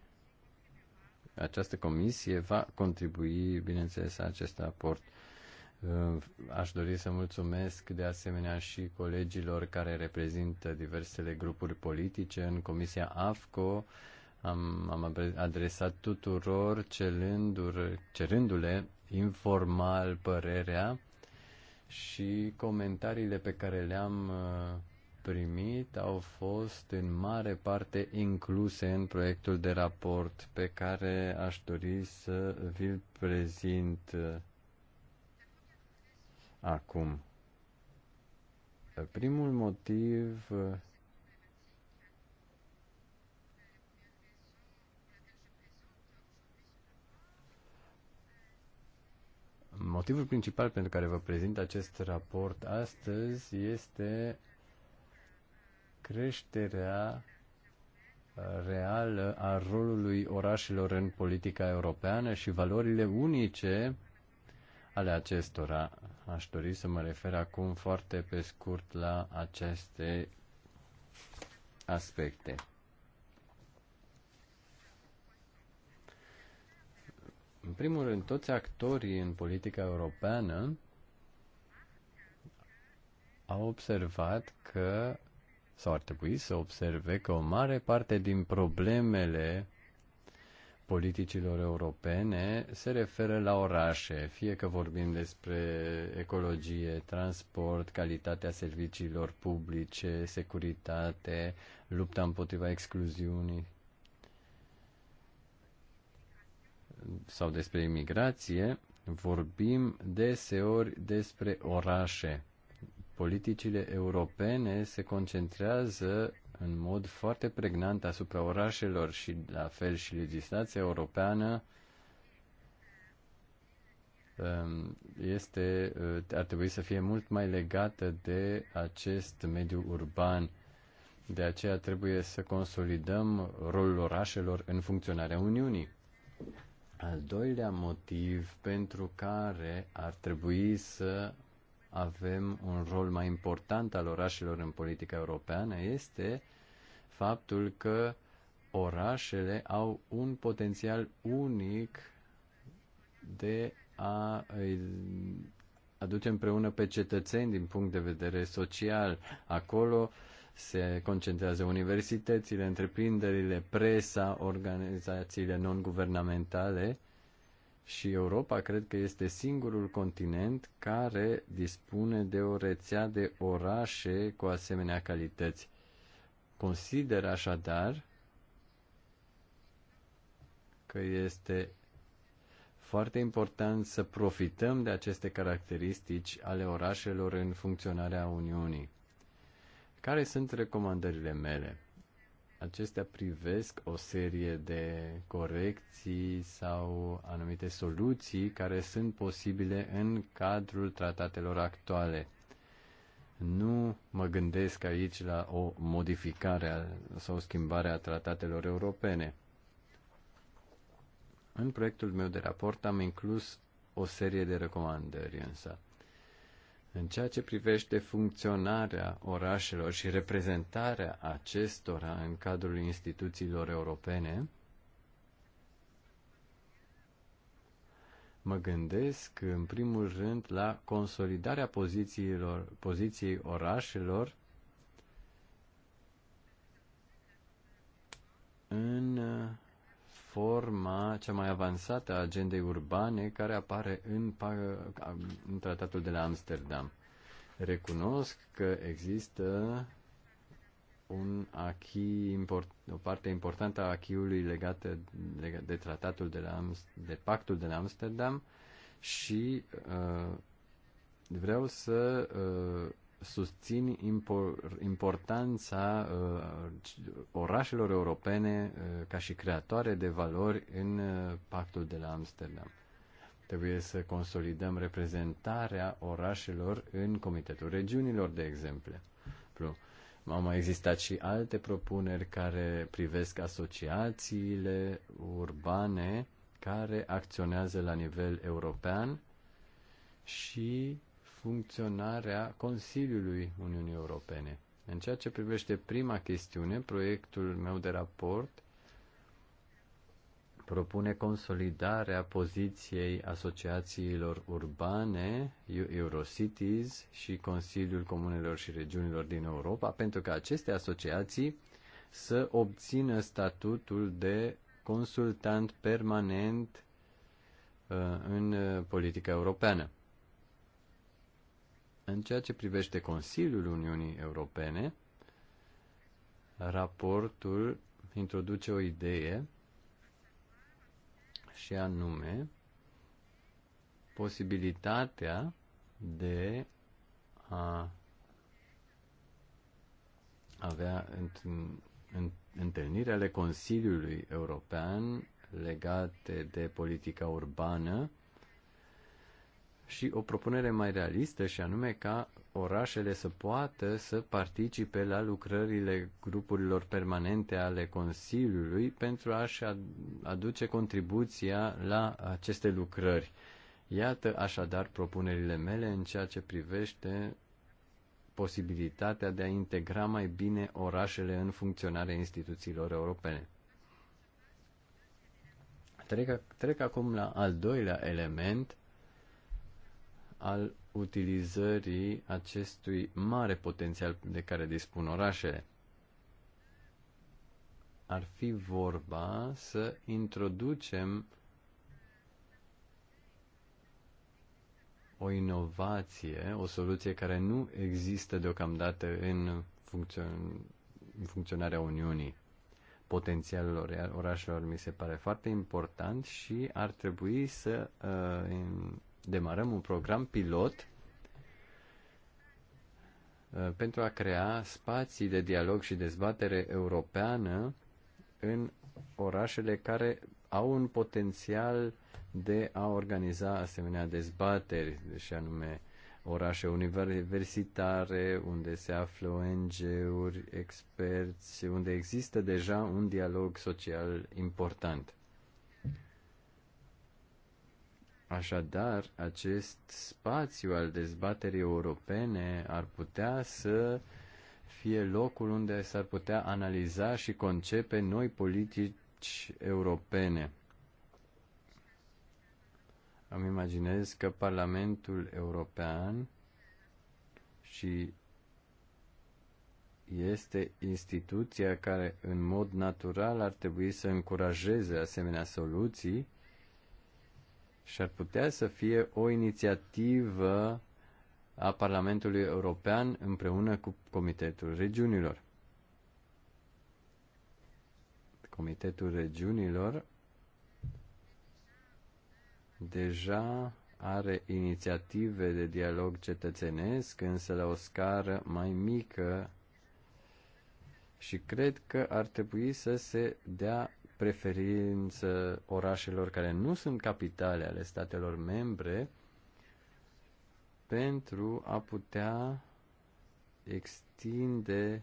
această comisie va contribui, bineînțeles, la acest raport. Uh, aș dori să mulțumesc de asemenea și colegilor care reprezintă diversele grupuri politice în Comisia AFCO. Am, am adresat tuturor cerându-le informal părerea și comentariile pe care le-am uh, primit au fost în mare parte incluse în proiectul de raport pe care aș dori să vi-l prezint uh, acum. Primul motiv uh, Motivul principal pentru care vă prezint acest raport astăzi este creșterea uh, reală a rolului orașelor în politica europeană și valorile unice ale acestora. Aș dori să mă refer acum foarte pe scurt la aceste aspecte. În primul rând, toți actorii în politica europeană au observat că sau ar trebui să observe că o mare parte din problemele politicilor europene se referă la orașe, fie că vorbim despre ecologie, transport, calitatea serviciilor publice, securitate, lupta împotriva excluziunii sau despre imigrație, vorbim deseori despre orașe politicile europene se concentrează în mod foarte pregnant asupra orașelor și la fel și legislația europeană um, este, uh, ar trebui să fie mult mai legată de acest mediu urban. De aceea trebuie să consolidăm rolul orașelor în funcționarea Uniunii. Al doilea motiv pentru care ar trebui să avem un rol mai important al orașelor în politica europeană este faptul că orașele au un potențial unic de a îi aduce împreună pe cetățeni din punct de vedere social. Acolo se concentrează universitățile, întreprinderile, presa, organizațiile non-guvernamentale și Europa cred că este singurul continent care dispune de o rețea de orașe cu asemenea calități. Consider așadar că este foarte important să profităm de aceste caracteristici ale orașelor în funcționarea Uniunii. Care sunt recomandările mele? acestea privesc o serie de corecții sau anumite soluții care sunt posibile în cadrul tratatelor actuale. Nu mă gândesc aici la o modificare sau schimbare a tratatelor europene. În proiectul meu de raport am inclus o serie de recomandări însă. În ceea ce privește funcționarea orașelor și reprezentarea acestora în cadrul instituțiilor europene, mă gândesc în primul rând la consolidarea pozițiilor, poziției orașelor în forma cea mai avansată a agendei urbane care apare în, în tratatul de la Amsterdam. Recunosc că există un achi, import, o parte importantă a achiului legată de, de tratatul de la de pactul de la Amsterdam și uh, vreau să uh, susțin importanța uh, orașelor europene uh, ca și creatoare de valori în uh, pactul de la Amsterdam. Trebuie să consolidăm reprezentarea orașelor în Comitetul Regiunilor, de exemplu. Au mai existat și alte propuneri care privesc asociațiile urbane care acționează la nivel european și funcționarea Consiliului Uniunii Europene. În ceea ce privește prima chestiune, proiectul meu de raport propune consolidarea poziției asociațiilor urbane, Eurocities și Consiliul Comunelor și Regiunilor din Europa, pentru că aceste asociații să obțină statutul de consultant permanent uh, în uh, politica europeană. În ceea ce privește Consiliul Uniunii Europene, raportul introduce o idee și anume posibilitatea de a avea întâlnirea ale Consiliului European legate de politica urbană și o propunere mai realistă și anume ca orașele să poată să participe la lucrările grupurilor permanente ale Consiliului pentru a-și aduce contribuția la aceste lucrări. Iată așadar propunerile mele în ceea ce privește posibilitatea de a integra mai bine orașele în funcționarea instituțiilor europene. Trec, trec acum la al doilea element, al utilizării acestui mare potențial de care dispun orașele. Ar fi vorba să introducem o inovație, o soluție care nu există deocamdată în, în funcționarea Uniunii. Potențialul orașelor mi se pare foarte important și ar trebui să uh, demarăm un program pilot uh, pentru a crea spații de dialog și dezbatere europeană în orașele care au un potențial de a organiza asemenea dezbateri, și anume orașe universitare, unde se află ONG-uri, experți, unde există deja un dialog social important. Așadar, acest spațiu al dezbaterii europene ar putea să fie locul unde s-ar putea analiza și concepe noi politici europene. Îmi imaginez că Parlamentul European și este instituția care în mod natural ar trebui să încurajeze asemenea soluții și ar putea să fie o inițiativă a Parlamentului European împreună cu Comitetul Regiunilor. Comitetul Regiunilor deja are inițiative de dialog cetățenesc, însă la o scară mai mică și cred că ar trebui să se dea preferință orașelor care nu sunt capitale ale statelor membre pentru a putea extinde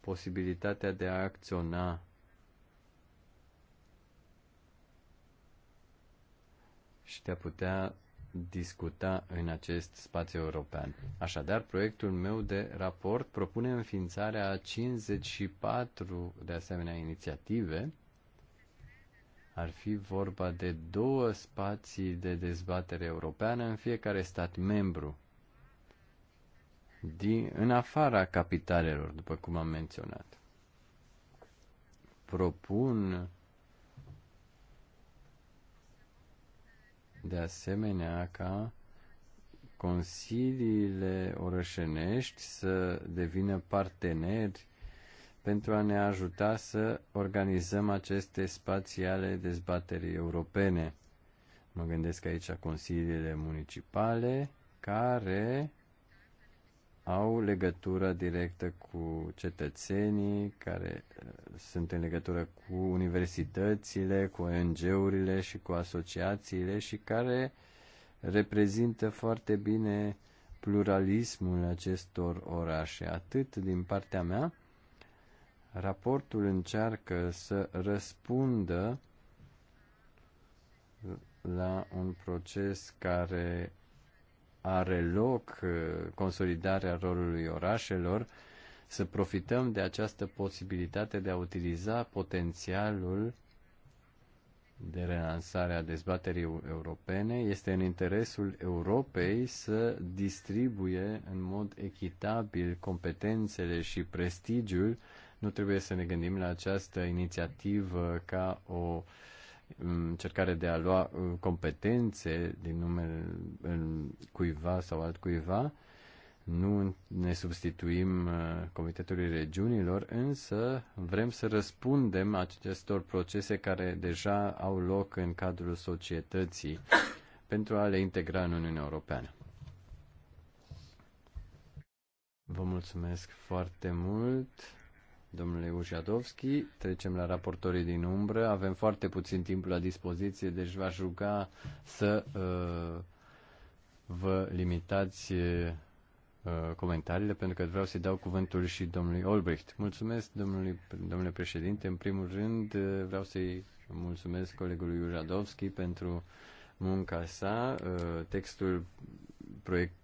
posibilitatea de a acționa și de a putea discuta în acest spațiu european. Așadar, proiectul meu de raport propune înființarea a 54 de asemenea inițiative ar fi vorba de două spații de dezbatere europeană în fiecare stat membru, din, în afara capitalelor, după cum am menționat. Propun de asemenea ca consiliile orășenești să devină parteneri pentru a ne ajuta să organizăm aceste spații ale dezbaterii europene. Mă gândesc aici la consiliile municipale care au legătură directă cu cetățenii, care uh, sunt în legătură cu universitățile, cu ONG-urile și cu asociațiile și care reprezintă foarte bine pluralismul acestor orașe, atât din partea mea, Raportul încearcă să răspundă la un proces care are loc, consolidarea rolului orașelor, să profităm de această posibilitate de a utiliza potențialul de relansare a dezbaterii europene. Este în interesul Europei să distribuie în mod echitabil competențele și prestigiul nu trebuie să ne gândim la această inițiativă ca o mm, încercare de a lua mm, competențe din numele cuiva sau altcuiva. Nu ne substituim mm, Comitetului Regiunilor, însă vrem să răspundem acestor procese care deja au loc în cadrul societății pentru a le integra în Uniunea Europeană. Vă mulțumesc foarte mult domnule Ușadovski. Trecem la raportorii din umbră. Avem foarte puțin timp la dispoziție, deci v-aș ruga să uh, vă limitați uh, comentariile, pentru că vreau să-i dau cuvântul și domnului Olbricht. Mulțumesc, domnului, domnule președinte. În primul rând, uh, vreau să-i mulțumesc colegului Ușadovski pentru munca sa. Uh, textul proiect,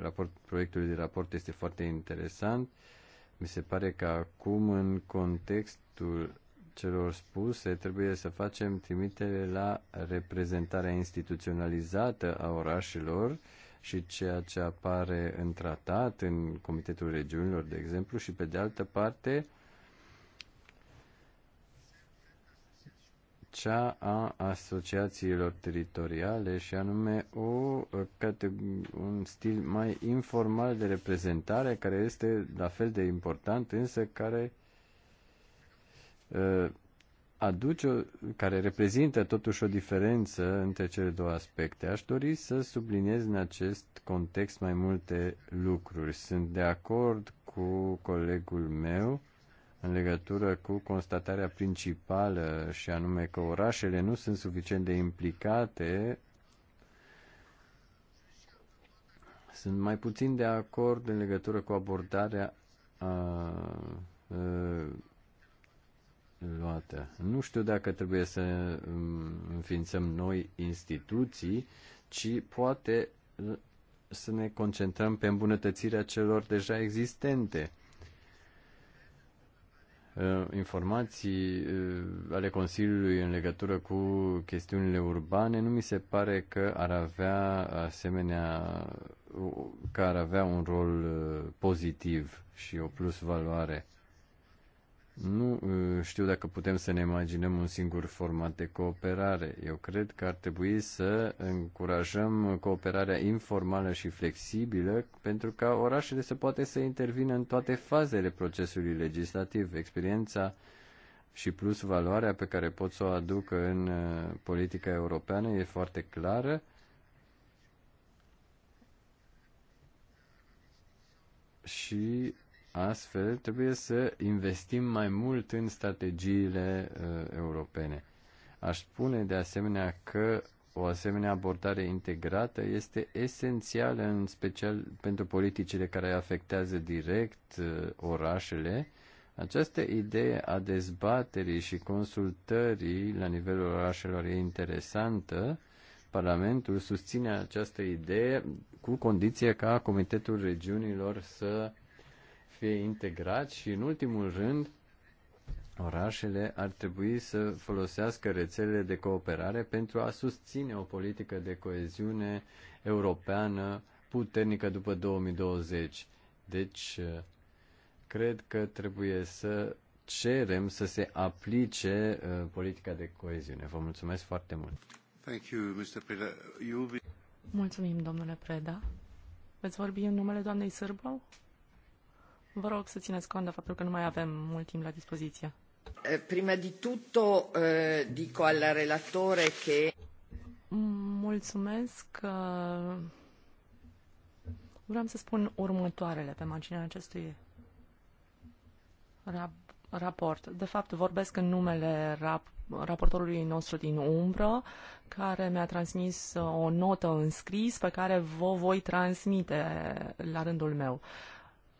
raport, proiectului de raport este foarte interesant. Uh, mi se pare că acum, în contextul celor spuse, trebuie să facem trimitere la reprezentarea instituționalizată a orașelor și ceea ce apare în tratat, în Comitetul Regiunilor, de exemplu, și pe de altă parte, uh, cea a asociațiilor teritoriale și anume o, un stil mai informal de reprezentare care este la fel de important, însă care uh, aduce, care reprezintă totuși o diferență între cele două aspecte. Aș dori să subliniez în acest context mai multe lucruri. Sunt de acord cu colegul meu în legătură cu constatarea principală și anume că orașele nu sunt suficient de implicate, sunt mai puțin de acord în legătură cu abordarea a, a, luată. Nu știu dacă trebuie să um, înființăm noi instituții, ci poate să ne concentrăm pe îmbunătățirea celor deja existente Uh, informații uh, ale Consiliului în legătură cu chestiunile urbane, nu mi se pare că ar avea asemenea uh, că ar avea un rol pozitiv și o plus valoare. Nu ă, știu dacă putem să ne imaginăm un singur format de cooperare. Eu cred că ar trebui să încurajăm cooperarea informală și flexibilă pentru ca orașele să poate să intervină în toate fazele procesului legislativ. Experiența și plus valoarea pe care pot să o aduc în ă, politica europeană e foarte clară. Și Astfel, trebuie să investim mai mult în strategiile uh, europene. Aș spune de asemenea că o asemenea abordare integrată este esențială, în special pentru politicile care afectează direct uh, orașele. Această idee a dezbaterii și consultării la nivelul orașelor e interesantă. Parlamentul susține această idee cu condiție ca Comitetul Regiunilor să fie integrat și, în ultimul rând, orașele ar trebui să folosească rețelele de cooperare pentru a susține o politică de coeziune europeană puternică după 2020. Deci, cred că trebuie să cerem să se aplice uh, politica de coeziune. Vă mulțumesc foarte mult. Thank you, Mr. Preda. You... Mulțumim, domnule Preda. Veți vorbi în numele doamnei Sârbău? Vă rog să țineți cont de faptul că nu mai avem mult timp la dispoziție. Eh, prima di tutto eh, dico al relatore che... Mulțumesc. Eh, vreau să spun următoarele pe marginea acestui rap- raport. De fapt, vorbesc în numele rap- raportorului nostru din umbră, care mi-a transmis o notă în scris pe care vă voi transmite la rândul meu. Uh,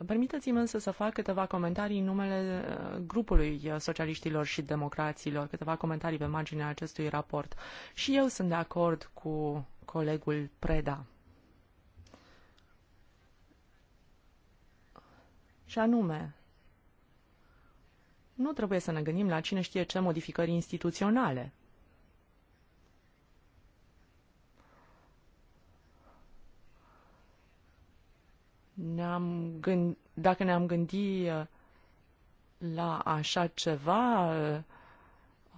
Permiteți-mi însă să fac câteva comentarii în numele uh, grupului uh, socialiștilor și democraților, câteva comentarii pe marginea acestui raport. Și eu sunt de acord cu colegul Preda. Și anume, nu trebuie să ne gândim la cine știe ce modificări instituționale. ne-am gând, dacă ne-am gândit uh, la așa ceva, uh,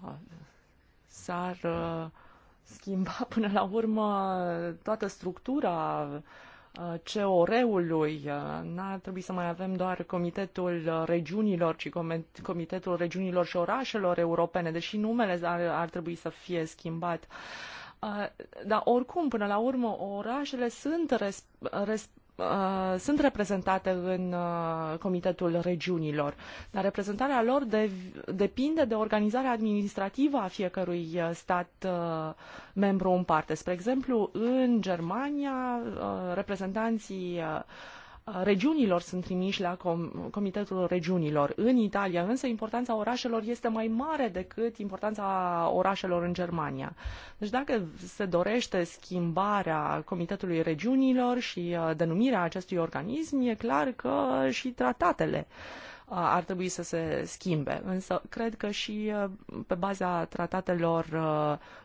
uh, s-ar schimba până la urmă toată structura COR-ului. N-ar trebui să mai avem doar Comitetul Regiunilor, ci Comitetul Regiunilor și Orașelor Europene, deși numele ar, ar trebui să fie schimbat. Dar oricum, până la urmă, orașele sunt resp- resp- Uh, sunt reprezentate în uh, Comitetul Regiunilor, dar reprezentarea lor de, depinde de organizarea administrativă a fiecărui uh, stat membru în parte. Spre exemplu, în Germania, reprezentanții regiunilor sunt trimiși la com- Comitetul Regiunilor. În Italia însă importanța orașelor este mai mare decât importanța orașelor în Germania. Deci dacă se dorește schimbarea Comitetului Regiunilor și uh, denumirea acestui organism, e clar că și tratatele uh, ar trebui să se schimbe. Însă cred că și pe baza tratatelor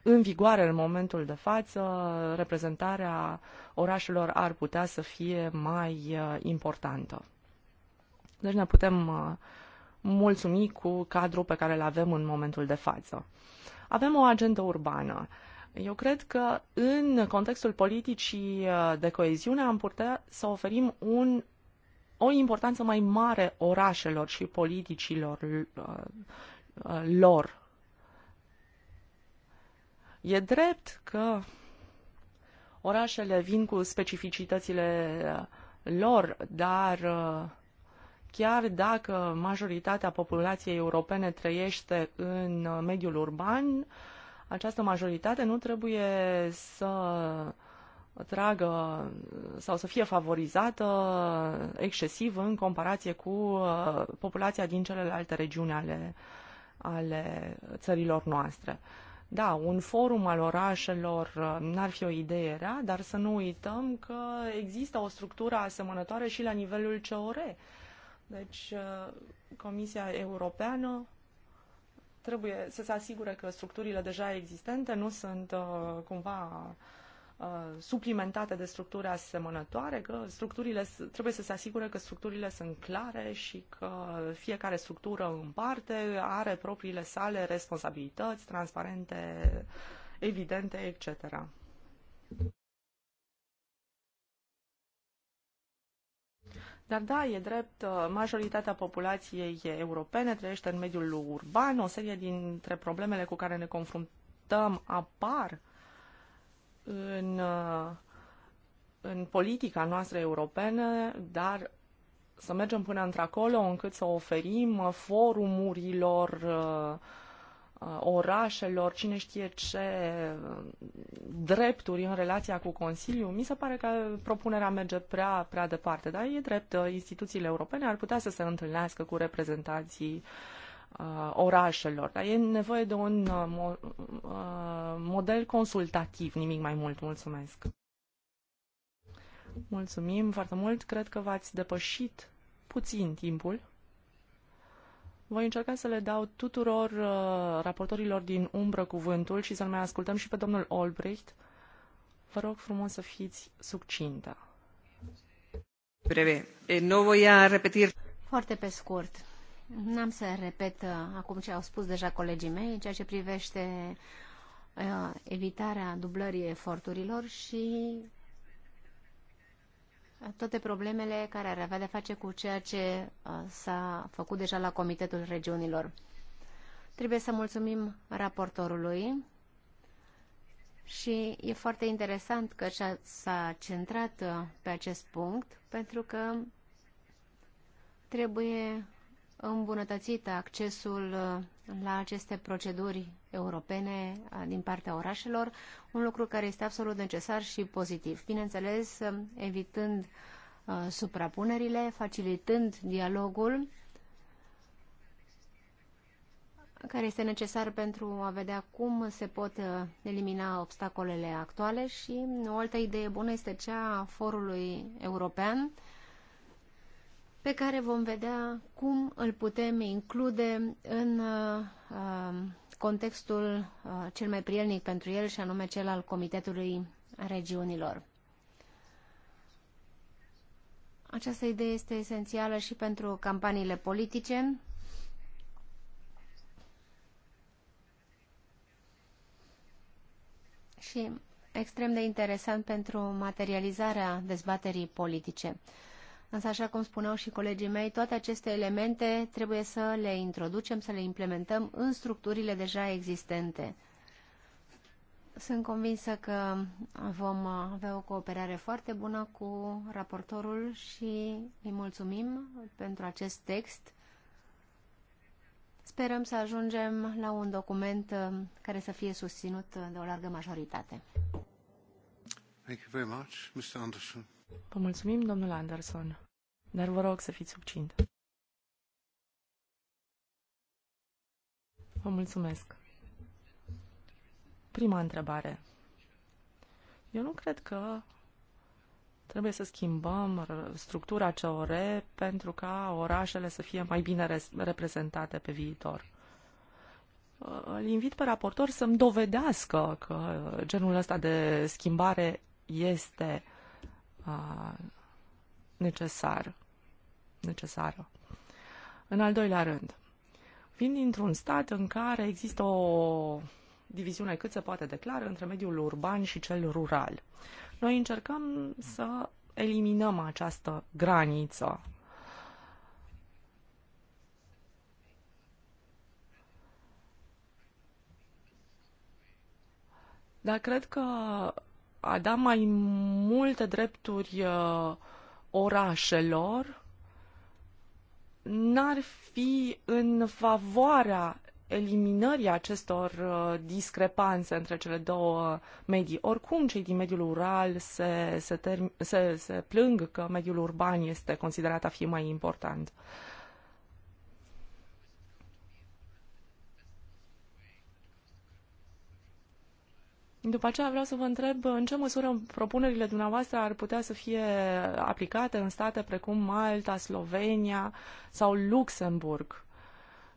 în vigoare în momentul de față, reprezentarea orașelor ar putea să fie mai importantă. Deci ne putem mulțumi cu cadrul pe care îl avem în momentul de față. Avem o agendă urbană. Eu cred că în contextul politicii de coeziune am putea să oferim un o importanță mai mare orașelor și politicilor uh, lor. E drept că orașele vin cu specificitățile uh, lor, dar uh, chiar dacă majoritatea populației europene trăiește în mediul urban, această majoritate nu trebuie să tragă sau să fie favorizată excesiv în comparație cu uh, populația din celelalte regiuni ale, ale țărilor noastre. Da, un forum al orașelor uh, n-ar fi o idee rea, dar să nu uităm că există o structură asemănătoare și la nivelul COR. Deci, uh, Comisia Europeană trebuie să se asigure că structurile deja existente nu sunt cumva uh, Uh, suplimentate de structuri asemănătoare, că structurile, trebuie să se asigure că structurile sunt clare și că fiecare structură în parte are propriile sale responsabilități transparente, evidente, etc. Dar da, e drept, uh, majoritatea populației europene trăiește în mediul urban, o serie dintre problemele cu care ne confruntăm apar în, în politica noastră europeană, dar să mergem până într-acolo încât să oferim forumurilor, uh, orașelor, cine știe ce drepturi în relația cu Consiliul. Mi se pare că propunerea merge prea, prea departe, dar e drept, uh, instituțiile europene ar putea să se întâlnească cu reprezentanții uh, uh, orașelor. Dar e nevoie de un uh, mo uh, model consultativ, nimic mai mult. Mulțumesc! Mulțumim foarte mult. Cred că v-ați depășit puțin timpul. Voi încerca să le dau tuturor uh, raportorilor din umbră cuvântul și să-l mai ascultăm și pe domnul Olbricht. Vă rog frumos să fiți succintă. Breve. Nu voi repeti. Foarte pe scurt. N-am să repet uh, acum ce au spus deja colegii mei ceea ce privește uh, evitarea dublării eforturilor și uh, toate problemele care ar avea de face cu ceea ce s-a făcut deja la Comitetul Regiunilor. Trebuie să mulțumim raportorului și e foarte interesant că s-a centrat pe acest punct pentru că trebuie îmbunătățit accesul uh, la aceste proceduri europene uh, din partea orașelor, un lucru care este absolut necesar și pozitiv. Bineînțeles, uh, evitând suprapunerile, facilitând dialogul care este necesar pentru a vedea cum se pot elimina obstacolele actuale și o altă idee bună este cea a forului european pe care vom vedea cum îl putem include în uh, um, contextul uh, cel mai prielnic pentru el și anume cel al Comitetului Regiunilor. Această idee este esențială și pentru campaniile politice. Și extrem de interesant pentru materializarea dezbaterii politice. Însă, așa cum spuneau și colegii mei, toate aceste elemente trebuie să le introducem, să le implementăm în structurile deja existente. Sunt convinsă că vom avea o cooperare foarte bună cu raportorul și îi mulțumim pentru acest text. Sperăm să ajungem la un document care să fie susținut de o largă majoritate. Vă mulțumim, domnul Anderson, dar vă rog să fiți subțint. Vă mulțumesc. Prima întrebare. Eu nu cred că trebuie să schimbăm structura COR pentru ca orașele să fie mai bine reprezentate pe viitor. Îl invit pe raportor să-mi dovedească că genul ăsta de schimbare este uh, necesar, necesară. În al doilea rând, vin dintr-un stat în care există o diviziune cât se poate declară între mediul urban și cel rural. Noi încercăm să eliminăm această graniță. Dar cred că a da mai multe drepturi uh, orașelor n-ar fi în favoarea eliminării acestor uh, discrepanțe între cele două medii. Oricum, cei din mediul rural se, se, term- se, se plâng că mediul urban este considerat a fi mai important. Uh, După aceea vreau să vă întreb în ce măsură propunerile dumneavoastră ar putea să fie aplicate în state precum Malta, Slovenia sau Luxemburg.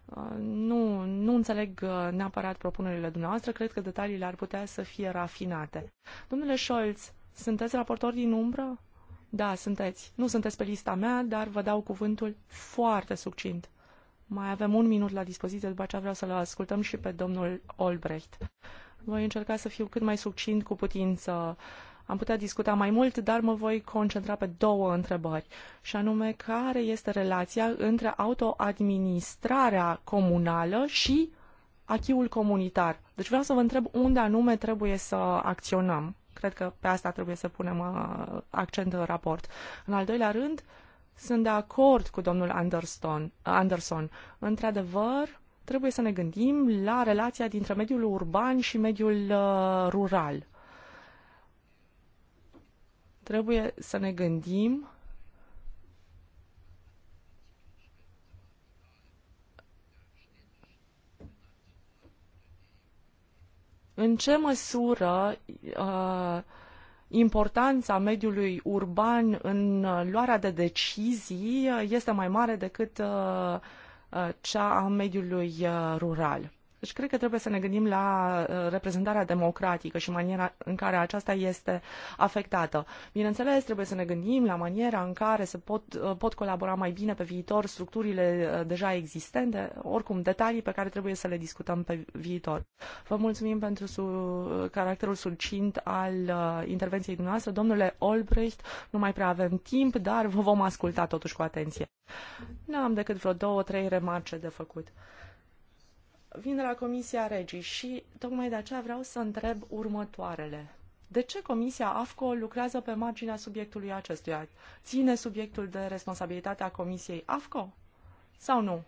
Uh, nu, nu înțeleg uh, neapărat propunerile dumneavoastră, cred că detaliile ar putea să fie rafinate. Domnule Scholz, sunteți raportor din umbră? Da, sunteți. Nu sunteți pe lista mea, dar vă dau cuvântul foarte succint. Mai avem un minut la dispoziție, după aceea vreau să-l ascultăm și pe domnul Olbrecht. Voi încerca să fiu cât mai succint cu putință. Am putea discuta mai mult, dar mă voi concentra pe două întrebări, și anume care este relația între autoadministrarea comunală și achiul comunitar. Deci vreau să vă întreb unde anume trebuie să acționăm. Cred că pe asta trebuie să punem uh, accent în raport. În al doilea rând, sunt de acord cu domnul Anderson. Anderson. Într-adevăr, trebuie să ne gândim la relația dintre mediul urban și mediul uh, rural. Trebuie să ne gândim în ce măsură uh, importanța mediului urban în uh, luarea de decizii este mai mare decât uh, Uh, cea a mediului uh, rural. Deci cred că trebuie să ne gândim la uh, reprezentarea democratică și maniera în care aceasta este afectată. Bineînțeles, trebuie să ne gândim la maniera în care se pot, uh, pot colabora mai bine pe viitor structurile uh, deja existente, oricum detalii pe care trebuie să le discutăm pe viitor. Vă mulțumim pentru su- caracterul succint al intervenției dumneavoastră. Domnule Olbrecht, nu mai prea avem timp, dar vă vom asculta totuși cu atenție. Nu am decât vreo două, trei remarce de făcut vin de la Comisia Regii și tocmai de aceea vreau să întreb următoarele. De ce Comisia AFCO lucrează pe marginea subiectului acestuia? Ține subiectul de responsabilitatea Comisiei AFCO sau nu?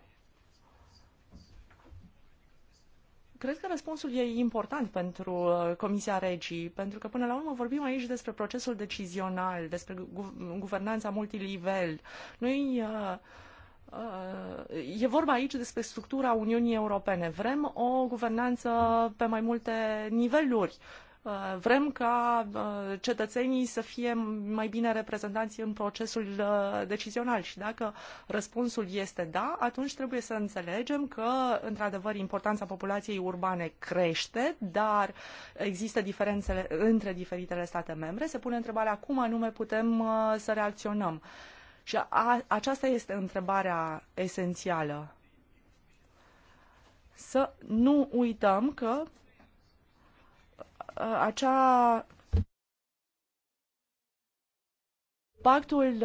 Cred că răspunsul e important pentru uh, Comisia Regii, pentru că până la urmă vorbim aici despre procesul decizional, despre guvernanța multilivel. Noi uh, Uh, e vorba aici despre structura Uniunii Europene. Vrem o guvernanță pe mai multe niveluri. Uh, vrem ca uh, cetățenii să fie mai bine reprezentanți în procesul decizional și dacă răspunsul este da, atunci trebuie să înțelegem că, într-adevăr, importanța populației urbane crește, dar există diferențe între diferitele state membre. Se pune întrebarea cum anume putem să reacționăm. Și a, aceasta este întrebarea esențială. Să nu uităm că acea pactul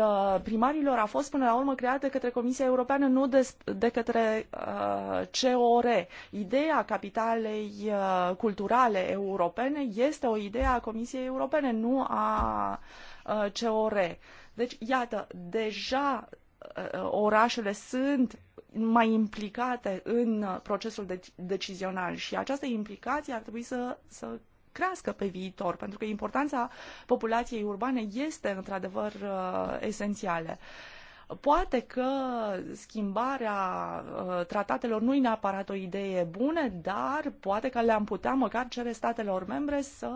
primarilor a fost până la urmă creat de către Comisia Europeană, nu de, de către uh, COR. Ideea capitalei uh, culturale europene este o idee a Comisiei Europene, nu a uh, COR. Deci, iată, deja uh, uh, orașele sunt mai implicate în uh, procesul de- deci-, decizional și această implicație ar trebui să, să crească pe viitor, pentru că importanța populației urbane este într-adevăr esențială. Poate că schimbarea tratatelor nu e neapărat o idee bună, dar poate că le-am putea măcar cere statelor membre să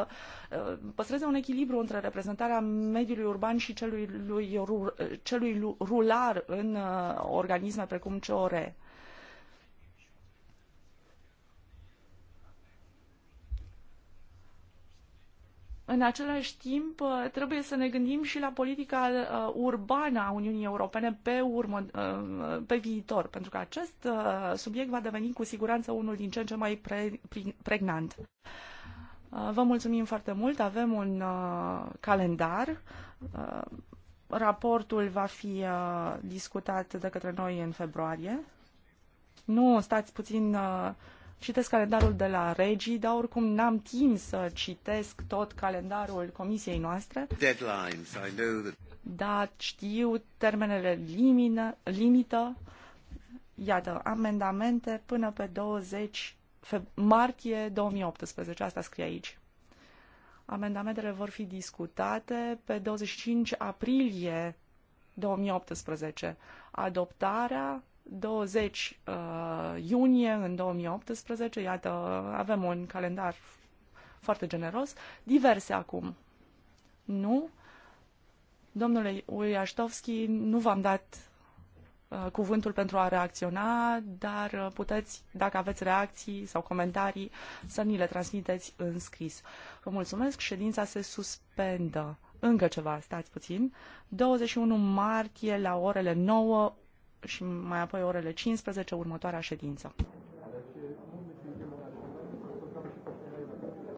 uh, Uh, păstreze un echilibru între reprezentarea mediului urban și celui, lui, uh, celui rular în uh, organisme precum COR. În același timp, trebuie să ne gândim și la politica urbană a Uniunii Europene pe, urmă, pe viitor, pentru că acest subiect va deveni cu siguranță unul din ce în ce mai pregnant. Uh, vă mulțumim foarte mult, avem un uh, calendar. Uh, raportul va fi discutat de către noi în februarie. Nu, stați puțin, citesc calendarul de la Regii, dar oricum n-am timp să citesc tot calendarul comisiei noastre. Deadlines, I know that... Da, știu termenele limină, limită. Iată, amendamente până pe 20 martie 2018, asta scrie aici. Amendamentele vor fi discutate pe 25 aprilie 2018. Adoptarea 20 uh, iunie în 2018, iată, avem un calendar foarte generos. Diverse acum. Nu? Domnule Uriaștovski, nu v-am dat Uh, cuvântul pentru a reacționa, dar uh, puteți, dacă aveți reacții sau comentarii, să ni le transmiteți în scris. Vă mulțumesc, ședința se suspendă. Încă ceva, stați puțin. 21 martie la orele 9 și mai apoi orele 15, următoarea ședință.